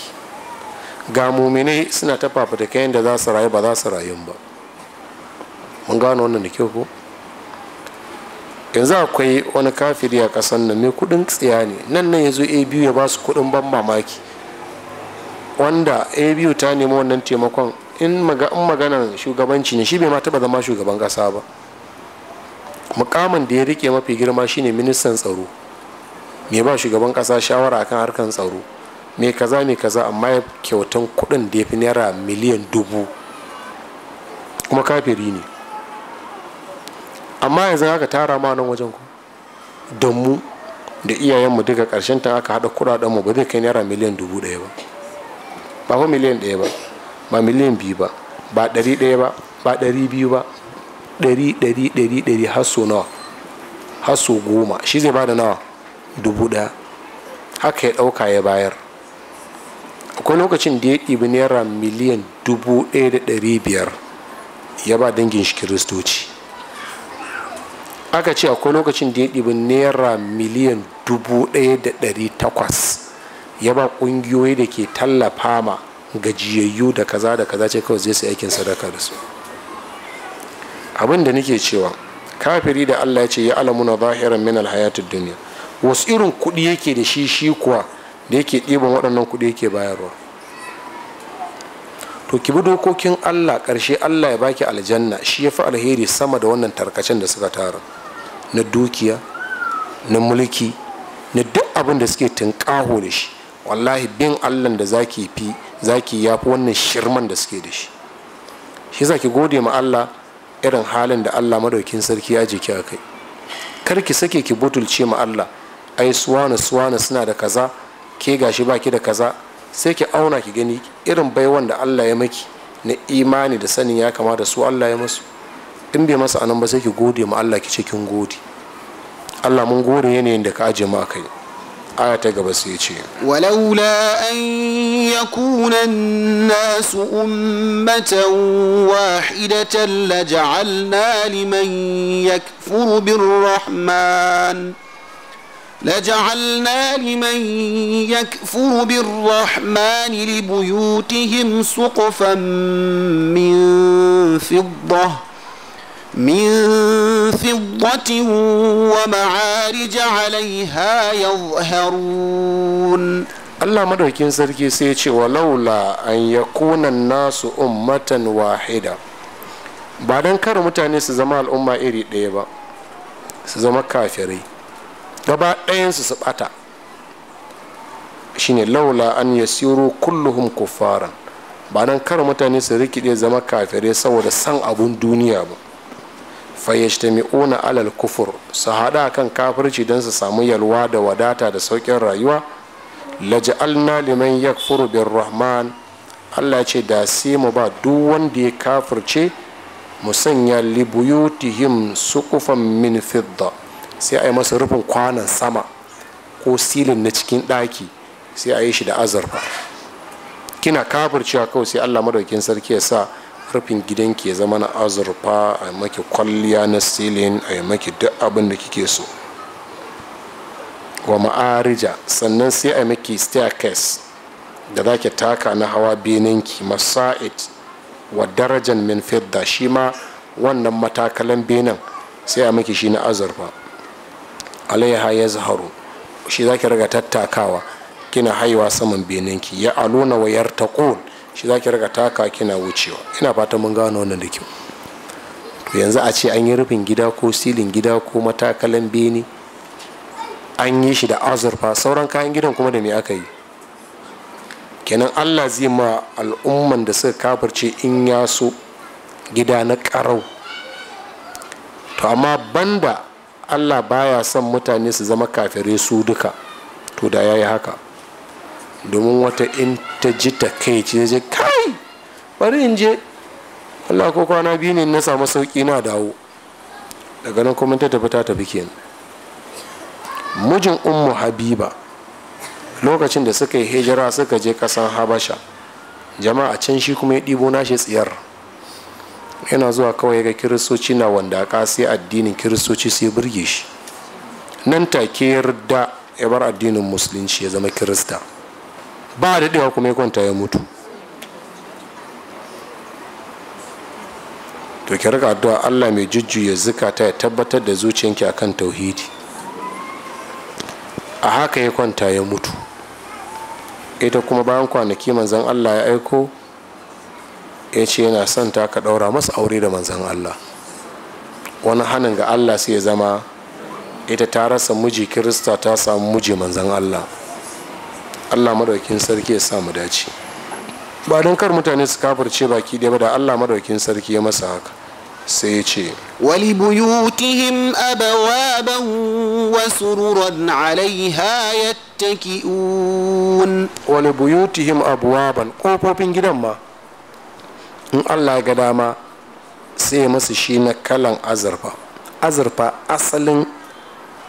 ga muminai suna ta fafata kayan da za su rayu ba za su rayu ba mun gano wannan da kyau ko yanzu akwai wani kafiri a kasan nan mai kudin tsiya ne nan nan ya zo a ya ba su kudin ban mamaki wanda a ta nemi wannan taimakon in maganar shugabanci ne shi bai ma taba zama shugaban kasa ba mukamin da ya rike mafi girma shine ministan tsaro mai ba shugaban kasa shawara akan harkar tsaro mai kaza mai kaza amma ya kyautan kudin da ya fi naira miliyan dubu kuma kafiri ne amma yanzu haka tara ma nan wajen ku da mu da iyayenmu duka karshen ta aka hada haɗa mu ba zai kai naira miliyan dubu ɗaya ba ba ko miliyan ɗaya ba ba miliyan biyu ba ba ɗari ɗaya ba ba ɗari biyu ba ɗari ɗari ɗari ɗari har so nawa har so goma shi zai bada nawa dubu ɗaya haka ya ɗauka ya bayar akwai lokacin da ya ɗibi naira miliyan dubu ɗaya da ɗari biyar ya ba dangin shi kiristoci aka ce akwai lokacin da ya ɗibi naira miliyan dubu ɗaya da ɗari takwas ya ba ƙungiyoyi da ke tallafa ma gajiyayyu da kaza da kaza ce kawai zai su aikin sadaka da su abin da nake cewa kafiri da allah ya ce ya alamuna zahiran min alhayatid duniya wasu irin kuɗi yake da shi shi kuwa da yake ɗiban waɗannan kuɗi yake bayarwa to ki bi dokokin allah ƙarshe allah ya baki aljanna shi ya fi alheri sama da wannan tarkacen da suka tara na dukiya na mulki na duk abin da suke tunƙaho da shi wallahi bin allah da zaki fi zaki ya fi wannan shirman da suke da shi shi ki gode ma allah irin halin da allah madaukin sarki ya jiki a kai kar ki sake ki butulce ma allah ai suwana suwana suna da kaza ke gashi baki da kaza sai ki auna ki gani irin baiwan da allah ya maki na imani da sanin ya kamata su allah ya masu in bai masa anan ba sai ki gode ma Allah ki ce kin gode Allah mun gode yanayin da ka aje mu akai aya ta gaba sai ce walaula an yakuna an-nas ummatan wahidatan laj'alna liman yakfuru birrahman لجعلنا لمن يكفر بالرحمن لبيوتهم سقفا من فضه من فضة ومعارج عليها يظهرون Allah madaukin sarki sai ya ce laula an yakuna nasu ummatan wahida ba don kar mutane su zama al'umma iri ɗaya ba su zama kafirai gaba ɗayansu su ɓata shine laula an yasiru kulluhum kuffaran ba don kar mutane su rikide zama kafirai saboda san abun duniya ba ona alal kufur su haɗa kan kafirci don su samu yalwa da wadata da sauƙin rayuwa alna liman furu bin rahman allah ce da sai mu ba duk wanda ya kafirce mu sanya libuyutihim kufan min fidda sai a yi masa rufin kwanan sama ko silin na cikin ɗaki sai a yi shi da azurfa kina kafircewa kawai sai allah madaukin sarki ya sa rufin gidanki ya zama na azurfa a maki kwalliya na silin a maki duk abin da kike so wa ma'arija sannan sai a maki staircase da zaki taka na hawa beninki masa'id wa darajan min fidda shi ma wannan matakalan benin sai a maki shi na azurfa alaiha ya zaharu shi za ki riga tattakawa kina haiwa saman beninki ya aluna wa yartaqun shi za ki riga taka kina wucewa ina fata mun gano wannan da kyau to yanzu a ce an yi rufin gida ko silin gida ko matakalan bene an yi shi da azurfa sauran kayan gidan kuma da me aka yi kenan allah zai ma al'umman da suka kafirce in ya so gida na karau to amma banda allah baya son mutane su zama kafirai su duka to da ya yi haka domin wata in ta ji ta kai ce ce kai bari in je Allah ko kwana biyu ne na samu sauki na dawo daga nan kuma ta tafi ta tafi kenan mijin ummu habiba lokacin da suka yi hijira suka je kasan habasha jama'a can shi kuma ya ɗibo nashi tsiyar yana zuwa kawai ga kiristoci na wanda ka sai addinin kiristoci sai burge shi nan take yarda ya bar addinin musulunci ya zama kirista ba daɗewa kuma ya kwanta ya mutu to ki rika addu'a Allah mai jujjuya ta ya tabbatar da zuciyanki akan tauhidi a haka ya kwanta ya mutu ita kuma bayan kwanaki manzan Allah ya aiko ya ce yana son ta ka ɗaura masa aure da manzan Allah wani hannun ga Allah sai ya zama ita ta rasa miji kirista ta samu miji manzan Allah allah madaukin sarki ya sa mu dace ba don kar mutane su kafirce baki ɗaya ba da allah madaukin sarki ya masa haka sai ya ce wali buyutihim abawaban wa sururan alaiha yattaki'un wali buyutihim abawaban kofofin gidan ma in allah ga dama sai masu shi na kalan azurfa azurfa asalin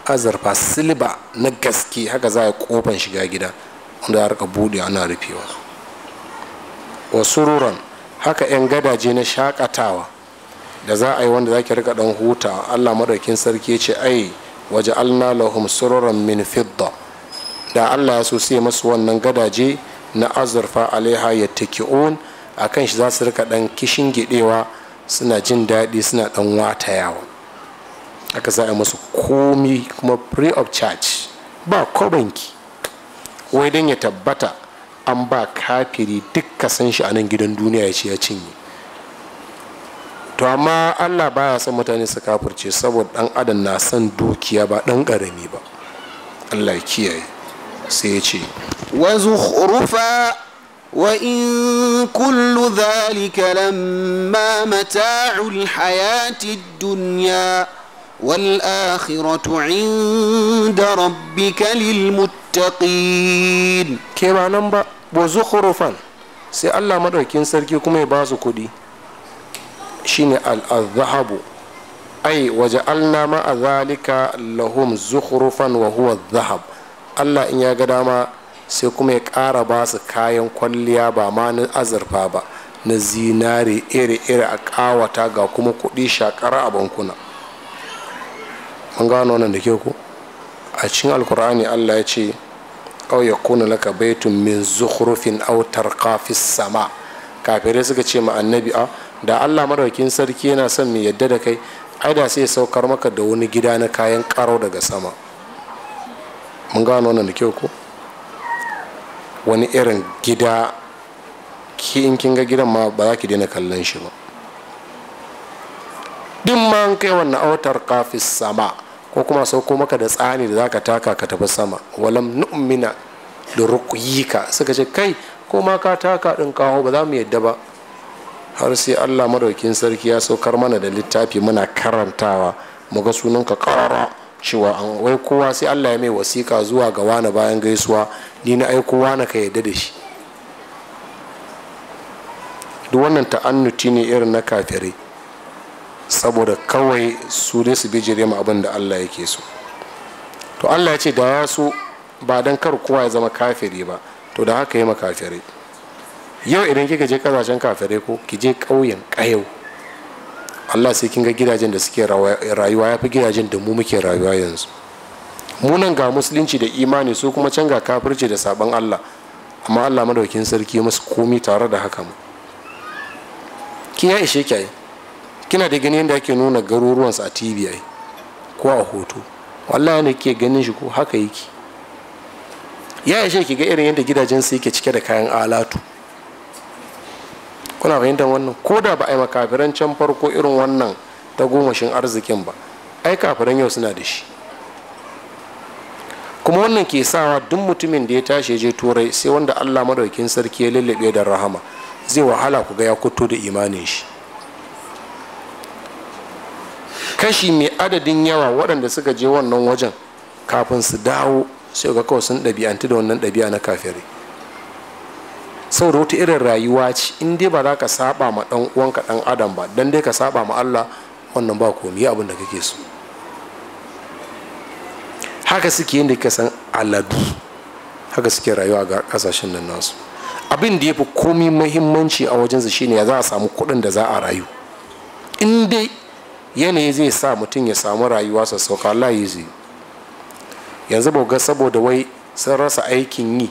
azurfa silba na gaske haka za a kofan shiga gida da rika bude ana rufewa wa sururan haka 'yan gadaje na shakatawa da za a yi wanda zaki rika dan huta allah madaukin sarki ya ce ai waje alna lahum sururan min fidda da allah ya so sai masu wannan gadaje na azurfa alaiha ya taki'un a kan shi za su rika dan kishin gidewa suna jin daɗi suna dan watayawa haka za a yi musu komi kuma free of charge ba kobanki wai don ya tabbata an ba kafiri dukka san shi a nan gidan duniya ya ce ya cinye to amma allah baya son mutane su kafirce saboda dan adam na son dukiya ba dan karami ba allah kiyaye sai ya ce wa zukhrufa wa in kullu dhalika lamma mata'ul hayati dunya wal akhiratu 'inda rabbika lil muttaqin ke ba nan ba wa zukhrufan sai Allah madaukin sarki kuma ya ba su kuɗi shine al-azhabu ai waje ma ma'a zalika lahum zukhrufan wa huwa zahab Allah in ya ga dama sai kuma ya ƙara ba su kayan kwalliya ba ma na azurfa ba na zinare iri-iri a ƙawata ga kuma kuɗi shakara a bankuna an gano nan da ke ku a cikin alkur'ani allah ya ce au ya kuna laka baitun min zukhrufin autar kafin sama kafirai suka ce ma annabi a da allah madaukin sarki yana son mai yadda da kai ai da sai saukar maka da wani gida na kayan karo daga sama mun gano wannan da kyau ko wani irin gida ki in kin ga gidan ma ba za ki daina kallon shi ba din ma an kai wannan autar kafis sama ko kuma sauko maka da tsani da zaka taka ka tafi sama walam nu'mina da ruqyika suka ce kai ko ma ka taka din kawo ba za mu yadda ba har sai Allah madaukin sarki ya saukar mana da littafi muna karantawa mu ga sunan ka karara cewa an wai kowa sai Allah ya mai wasiƙa zuwa ga wani bayan gaisuwa ni na aiko wani ka yadda da shi duk wannan ta'annuti ne irin na kafirai saboda kawai su dai su bijire ma abin da allah yake so to allah ya ce da ya so ba don kar kowa ya zama kafiri ba to da haka yi ma kafirai yau idan kika je kasashen kafirai ko ki je ƙauyen ƙayau allah sai kin ga gidajen da suke rayuwa ya fi gidajen da mu muke rayuwa yanzu munan ga musulunci da imani su kuma can ga kafirci da sabon allah amma allah madaukin sarki musu komi tare da haka mu ki ya ishe ki kina da ganin yadda ake nuna garuruwansu a tv ai ko a hoto wallahi ne ke ganin shi ko haka yake ya ishe ki ga irin yadda gidajen su yake cike da kayan alatu kuna fahimtar wannan ko da ba a yi makafiran can farko irin wannan ta gomashin arzikin ba ai kafiran yau suna da shi kuma wannan ke sawa duk mutumin da ya tashi je turai sai wanda allah madaukin sarki ya lullube da rahama zai wahala ku ga ya kuto da imanin shi kashi mai adadin yawa waɗanda suka je wannan wajen kafin su dawo sai ga kawai sun ɗabi'antu da wannan ɗabi'a na kafirai saboda wata irin rayuwa ce in dai ba za ka saba ma ɗan uwanka ɗan adam ba dan dai ka saba ma Allah wannan ba komi abin da kake so haka suke yin da ka san aladu haka suke rayuwa ga kasashen nan nasu abin da ya fi komi mahimmanci a wajen su shine ya za a samu kuɗin da za a rayu in dai yanayi zai sa mutum ya samu rayuwa sassauka sauka yi yanzu ba ga saboda wai sun rasa aikin yi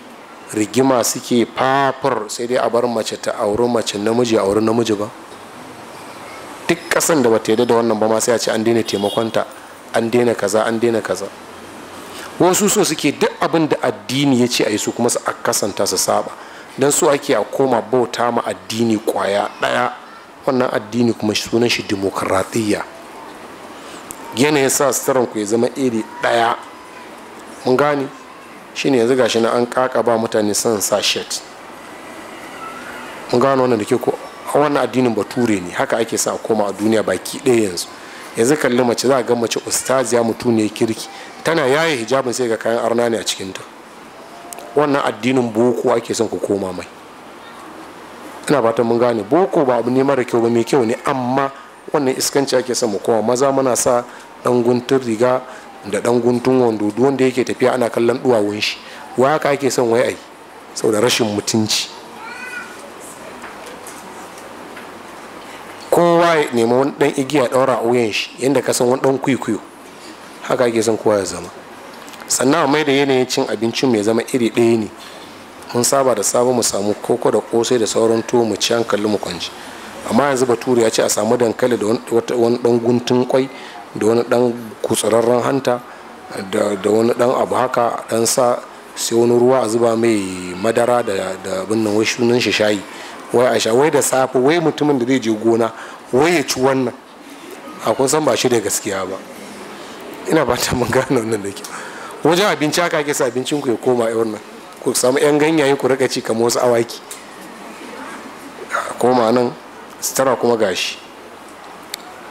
rigima suke fafar sai dai a bar mace ta auri mace namiji a wurin namiji ba duk kasan da bata yadda da wannan ba ma sai a ce an daina taimakonta an daina kaza an daina kaza wasu so suke duk abin da addini ya ce a yi su kuma su a kasanta su saba don su ake a koma bauta ma addini kwaya daya wannan addini kuma sunan shi dimokuraɗiyya ya sa sitaran ku ya zama iri ɗaya mun gane shine yanzu gashi na an kaka ba mutane san sa shirt mun gano wannan da ke ko a wannan addinin bature ne haka ake sa koma a duniya baki ɗaya yanzu yanzu kalli mace za a ga mace ustaziya mutum ne kirki tana yaye hijabin sai ga kayan arna ne a ta wannan addinin boko ake son ku koma mai ina fatan mun gane boko ba abu ne mara kyau ba mai kyau ne amma wannan iskanci ake son mu koma maza muna sa dan guntun riga da dan guntun wando duk wanda yake tafiya ana kallon duwawun shi wa haka ake son wai ai saboda rashin mutunci kowa ya nemi wani dan igiya daura a wuyan shi yadda ka san wani dan kwikwiyo haka ake son kowa ya zama sannan a mai da yanayin cin abincin mai zama iri ɗaya ne mun saba da sabo mu samu koko da kosai da sauran tuwo mu ci hankali mu kwanci amma yanzu bature ya ce a samu dankali da wani dan guntun kwai da wani dan kutsararren hanta da wani dan abu haka a dan sa sai wani ruwa a zuba mai madara da abin nan wai shunan shi shayi wai a wai da safe wai mutumin da zai je gona wai ya ci wannan a kun san ba shi da gaskiya ba ina ba ta mun gane wannan da ke wajen abinci haka ake sa abincin ku ya koma yau nan ku samu yan ganyaye ku rika ci kamar wasu awaki koma nan sutura kuma gashi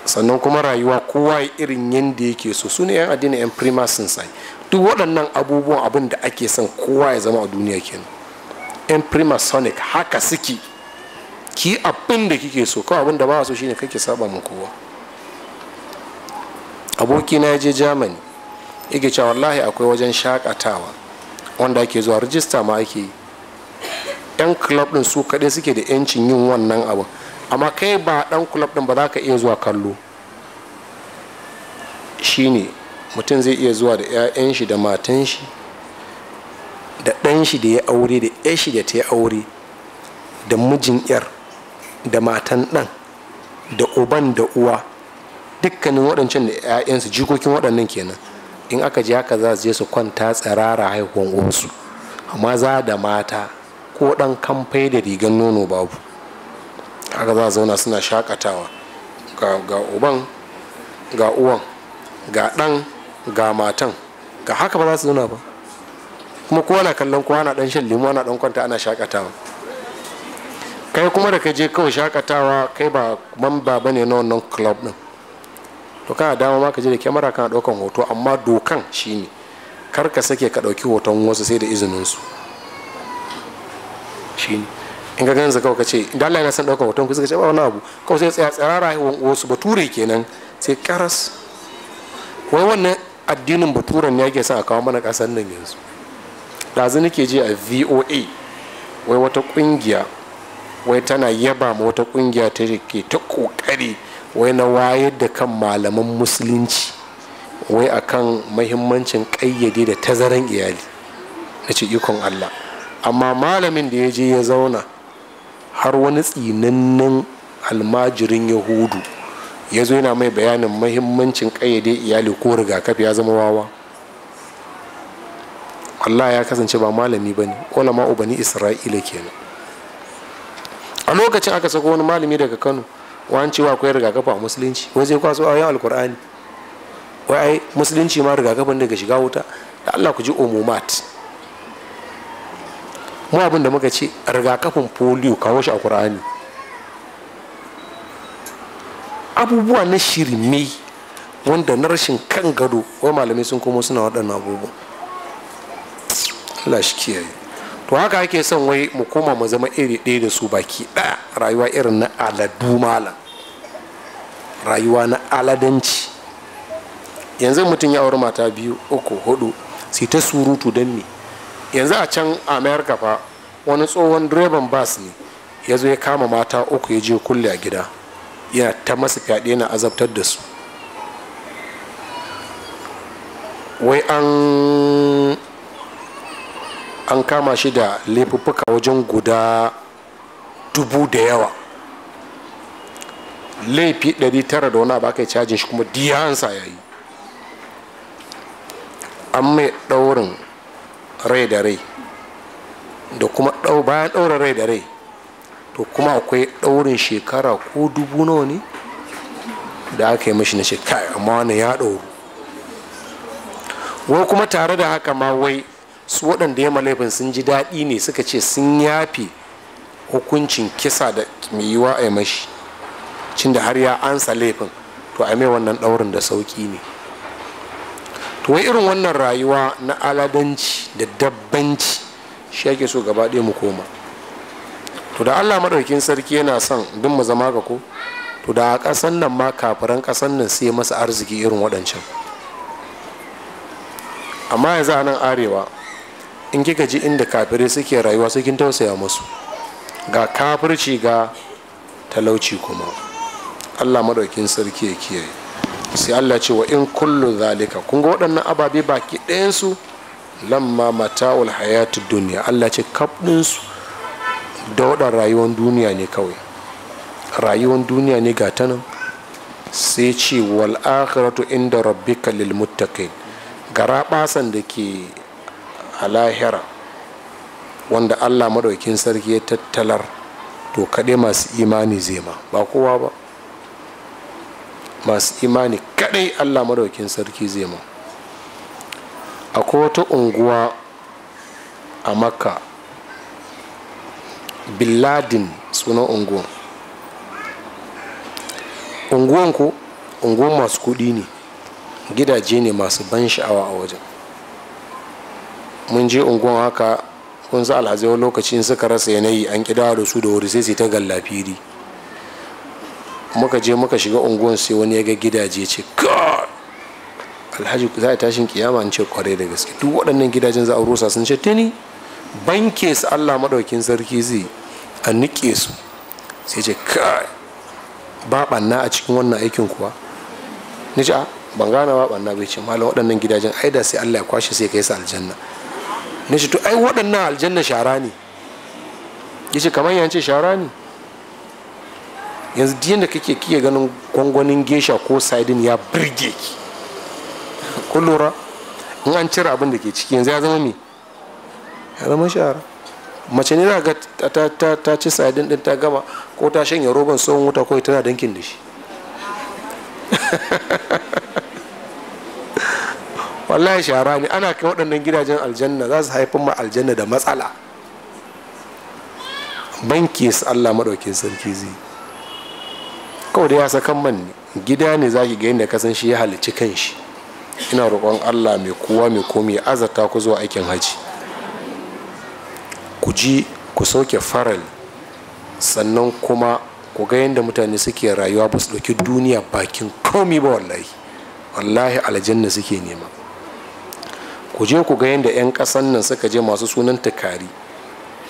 sannan kuma rayuwa kowa ya irin yadda yake so su ne 'yan addinin 'yan sun sai duk waɗannan abubuwan abin da ake son kowa ya zama a duniya kenan 'yan sonic haka suke ki abin da kike so kawai abin da ba so shine kake saba min kowa aboki na je germany yake cewa wallahi akwai wajen shakatawa wanda ake zuwa rijista ma ake 'yan club din su kaɗai suke da 'yancin yin wannan abin amma kai ba dan kulab din ba za ka iya zuwa kallo shine mutum zai iya zuwa da 'ya'yan shi da matan shi da ɗan shi da ya aure da 'ya shi da ta ya aure da mijin 'yar da matan ɗan da uban da uwa dukkanin waɗancan da 'ya'yansu jikokin waɗannan kenan in aka je haka za su je su kwanta tsirara haihuwan wasu za da mata ko ɗan kamfai da rigan nono babu kaga za a zauna suna shakatawa ga uban ga uwan ga ɗan ga matan ga haka ba za su zauna ba kuma kowa na kallon kowa na ɗan shan limu ana ɗan kwanta ana shakatawa kai kuma da ka je kawai shakatawa kai ba mamba ba ne na wannan club din. to kana dama ma ka je da kyamara kana ɗaukan hoto amma dokan shine kar ka sake ka ɗauki hoton wasu sai da izinin su shine in ka ganin kawai ka kace da Allah yana son daukar hoton ku suka ce ba wani abu kawai sai tsaya tsirara wasu bature kenan sai karas wai wannan addinin baturen ne yake sa a kawo mana kasan nan yanzu ɗazu nake ji a voa wai wata ƙungiya wai tana yaba ma wata kungiya ta ke ta ƙoƙari wai na wayar da kan malaman musulunci wai akan mahimmancin ƙayyade da tazaran iyali na ce ikon allah amma malamin da ya je ya zauna har wani tsinannin almajirin yahudu ya zo yana mai bayanin mahimmancin kayyade iyali ko rigakafi ya zama wawa Allah ya kasance ba malami ba ne ma ubani isra'ila kenan a lokacin aka sako wani malami daga kano wani cewa akwai rigakafi a musulunci wai zai kwaso a alkur'ani wai ai musulunci ma rigakafin daga shiga wuta da Allah ku ji umumat mu abin da muka ce rigakafin polio kawo shi a ƙura'ani abubuwa na shirme wanda na rashin kan gado wai malamai sun komo suna waɗannan abubuwa Allah shi kiyaye to haka ake son wai mu koma mu zama iri ɗaya da su baki ɗaya rayuwa irin na aladu malam rayuwa na aladanci yanzu mutum ya auri mata biyu uku hudu sai ta surutu don me yanzu a can america fa wani tsohon direban bas ne ya zo ya kama mata uku ya je kulle a gida yana ta masu fyaɗe na azabtar da su wai an kama shi da laifuffuka wajen guda dubu da yawa laifi 900 da wani abu aka yi cajin shi kuma diyansa ya yi an mai ɗaurin rai da rai da kuma bayan ɗaura rai da rai to kuma akwai ɗaurin shekara ko dubu nawa ne da aka yi mashi na shekara amma wani ya ɗauru wai kuma tare da haka ma wai su waɗanda ya laifin sun ji daɗi ne suka ce sun yafe hukuncin kisa da mai yiwa a yi mashi cinda har ya ansa laifin to a mai wannan ɗaurin da sauƙi ne to wai irin wannan rayuwa na aladanci da dabbanci shi ake so gaba ɗaya mu koma to da allah maɗaukin sarki yana son duk mu zama ka ko to da a ƙasan nan ma kafiran ƙasan nan sai masa arziki irin waɗancan amma yanzu a nan arewa in kika ji inda kafirai suke rayuwa sai kin tausaya musu ga kafirci ga talauci kuma allah maɗaukin sarki ya kiyaye sai allah ce wa in kullu zalika kun ga waɗannan ababe baki ɗayansu lamma mata'ul hayatu duniya allah ce kaf Da rayuwar duniya ne kawai rayuwar duniya ne ga ta nan sai ce wal akhiratu inda rabbika lil muttaqin gara basan da ke alahira wanda allah maɗaukin sarki ya tattalar to kaɗai masu imani zai ma ba kowa ba masu imani kadai allah madaukin sarki zai ma akwai wata unguwa a makka billadin sunan unguwan unguwan ku unguwan masu kudi ne gidaje ne masu ban sha'awa a wajen mun je unguwan haka kun sa alhazai lokaci in suka rasa yanayi an kidawa da su da wuri sai su ta gallafiri muka je muka shiga unguwan sai wani ya ga gidaje ce god alhaji za a tashin kiyama an ce kwarai da gaske duk waɗannan gidajen za a rusa sun ce tuni banke su allah maɗaukin sarki zai a niƙe su sai ce kai ba ɓanna a cikin wannan aikin kuwa ni ce a ban gane ba ɓanna bai ce malam waɗannan gidajen ai da sai allah ya kwashe sai kai su aljanna ni ce to ai waɗannan aljanna shara ne ya ce kamar yance shara ne yanzu diyan da kake kiya ganin gwangwanin gesha ko saidin ya birge ki kun lura in an cire abin da ke ciki yanzu ya zama me ya zama shara mace ne ga ta ta ci saidin din ta gama ko ta shanya roban tsohon wuta kawai tana dankin da shi wallahi shara ne ana kai waɗannan gidajen aljanna za su haifin ma aljanna da matsala banki su allah maɗaukin sarki zai kawai da ya sakan man gida ne za ki ga da kasan shi ya halicci kan shi ina roƙon allah mai kowa mai komi azarta ku zuwa aikin hajji. ku ji ku sauke faral sannan kuma ku ga yadda mutane suke rayuwa ba su ɗauki duniya bakin komi ba wallahi wallahi aljanna suke nema ku je ku ga yadda 'yan ƙasan nan suka je masu sunan takari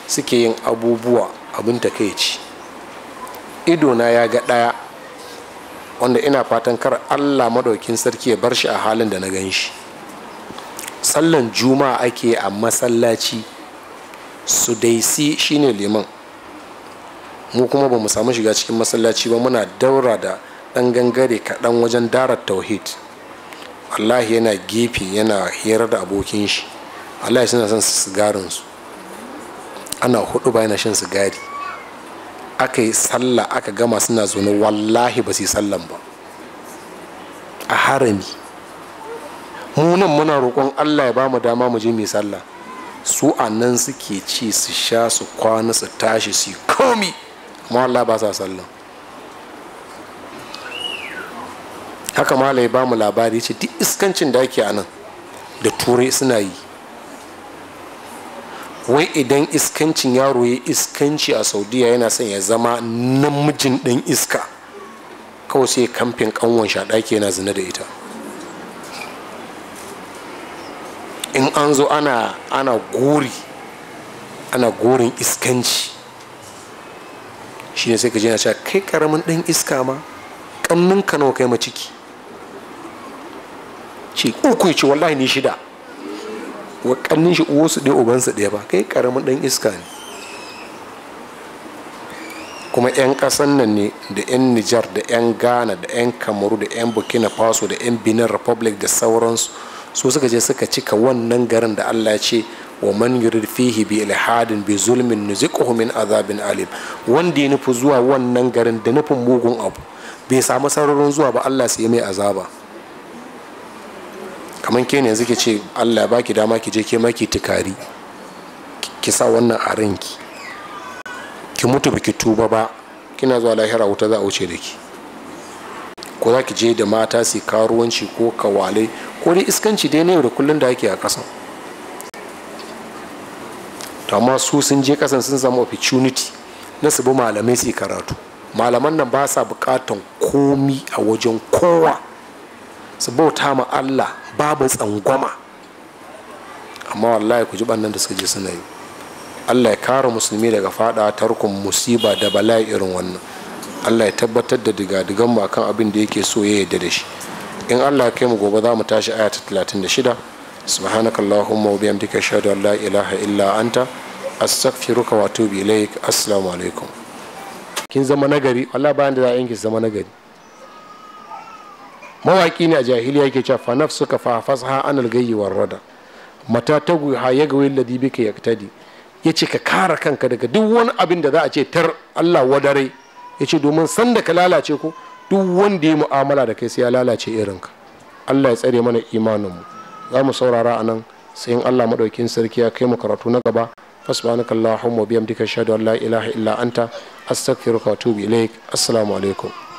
suke yin abubuwa abin takaici ido na ya ga ɗaya wanda ina fatan kar allah maɗaukin sarki ya bar shi a halin da na gan shi sallan juma'a ake a masallaci su daisi shine liman mu kuma ba mu samu shiga cikin masallaci ba muna daura da ɗan gangare kaɗan wajen darar tauhid wallahi yana gefe yana hirar da abokin shi wallahi suna son sigarin su ana hudu ba shan sigari aka yi sallah aka gama suna zaune wallahi ba su yi sallan ba a harami munan muna roƙon allah ya ba mu dama mu je mai sallah su a nan suke ci su sha su kwana su tashi su komi kuma allah ba sa sallan haka malai ba mu labari ce duk iskancin da ake a nan da turai suna yi wai idan iskancin yaro ya iskanci a saudiya yana son ya zama namijin ɗan iska kawai sai kamfin kanwan shaɗaki yana zina da ita in an zo ana ana gori ana gorin iskanci shine sai ka ji cewa kai karamin ɗan iska ma kannun kai ma ciki ce uku ce wallahi ni shida wa kannin shi uwarsu ɗaya ubansu ɗaya ba kai karamin ɗan iska ne kuma 'yan ƙasan nan ne da 'yan nijar da 'yan ghana da 'yan kamaru da 'yan burkina faso da 'yan benin republic da sauransu su suka je suka cika wannan garin da allah ce wa man yurid fihi bi ilhadin bi zulmin nuziquhu min azabin alim wanda ya nufi zuwa wannan garin da nufin mugun abu bai samu sararin zuwa ba Allah sai mai azaba kamar ke ne yanzu ke ce allah ba ki dama ki je ke maki tukari ki sa wannan a ranki ki mutu ba ki tuba ba kina zuwa lahira wuta za a wuce da ki ko za ki je da mata su karuwanci ko kawalai ko dai iskanci dai ne da kullum da ake a ƙasa to amma su sun je ƙasan sun zama opportunity na su bi malamai su karatu malaman nan ba sa buƙatan komi a wajen kowa su bauta ma allah babu tsangwama amma wallahi ku ji bannan da suka je suna yi allah ya kare musulmi daga fada tarkon musiba da bala'i irin wannan allah ya tabbatar da digadigan mu akan abin da yake so ya yadda da shi in allah ya kai mu gobe za mu tashi aya ta 36 subhanakallahumma wa bihamdika ashhadu an la ilaha illa anta astaghfiruka wa atubu ilaik assalamu alaikum kin zama nagari Allah bayan da za a yanke zama nagari mawaƙi ne a jahiliya yake cewa fa ka fa fasaha anal gayyi rada mata ta ha ya ga yagawi alladhi ka yaktadi yace ka kare kanka daga duk wani abin da za a ce tar Allah wadare ce domin san da ka lalace ko duk wanda ya mu'amala da kai sai ya lalace irin ka Allah ya tsare mana imanin mu za mu saurara anan sai in Allah madaukin sarki ya kai mu karatu na gaba فسبحانك bihamdika وبحمدك an la ilaha illa anta astaghfiruka wa atubu ilaik assalamu alaikum.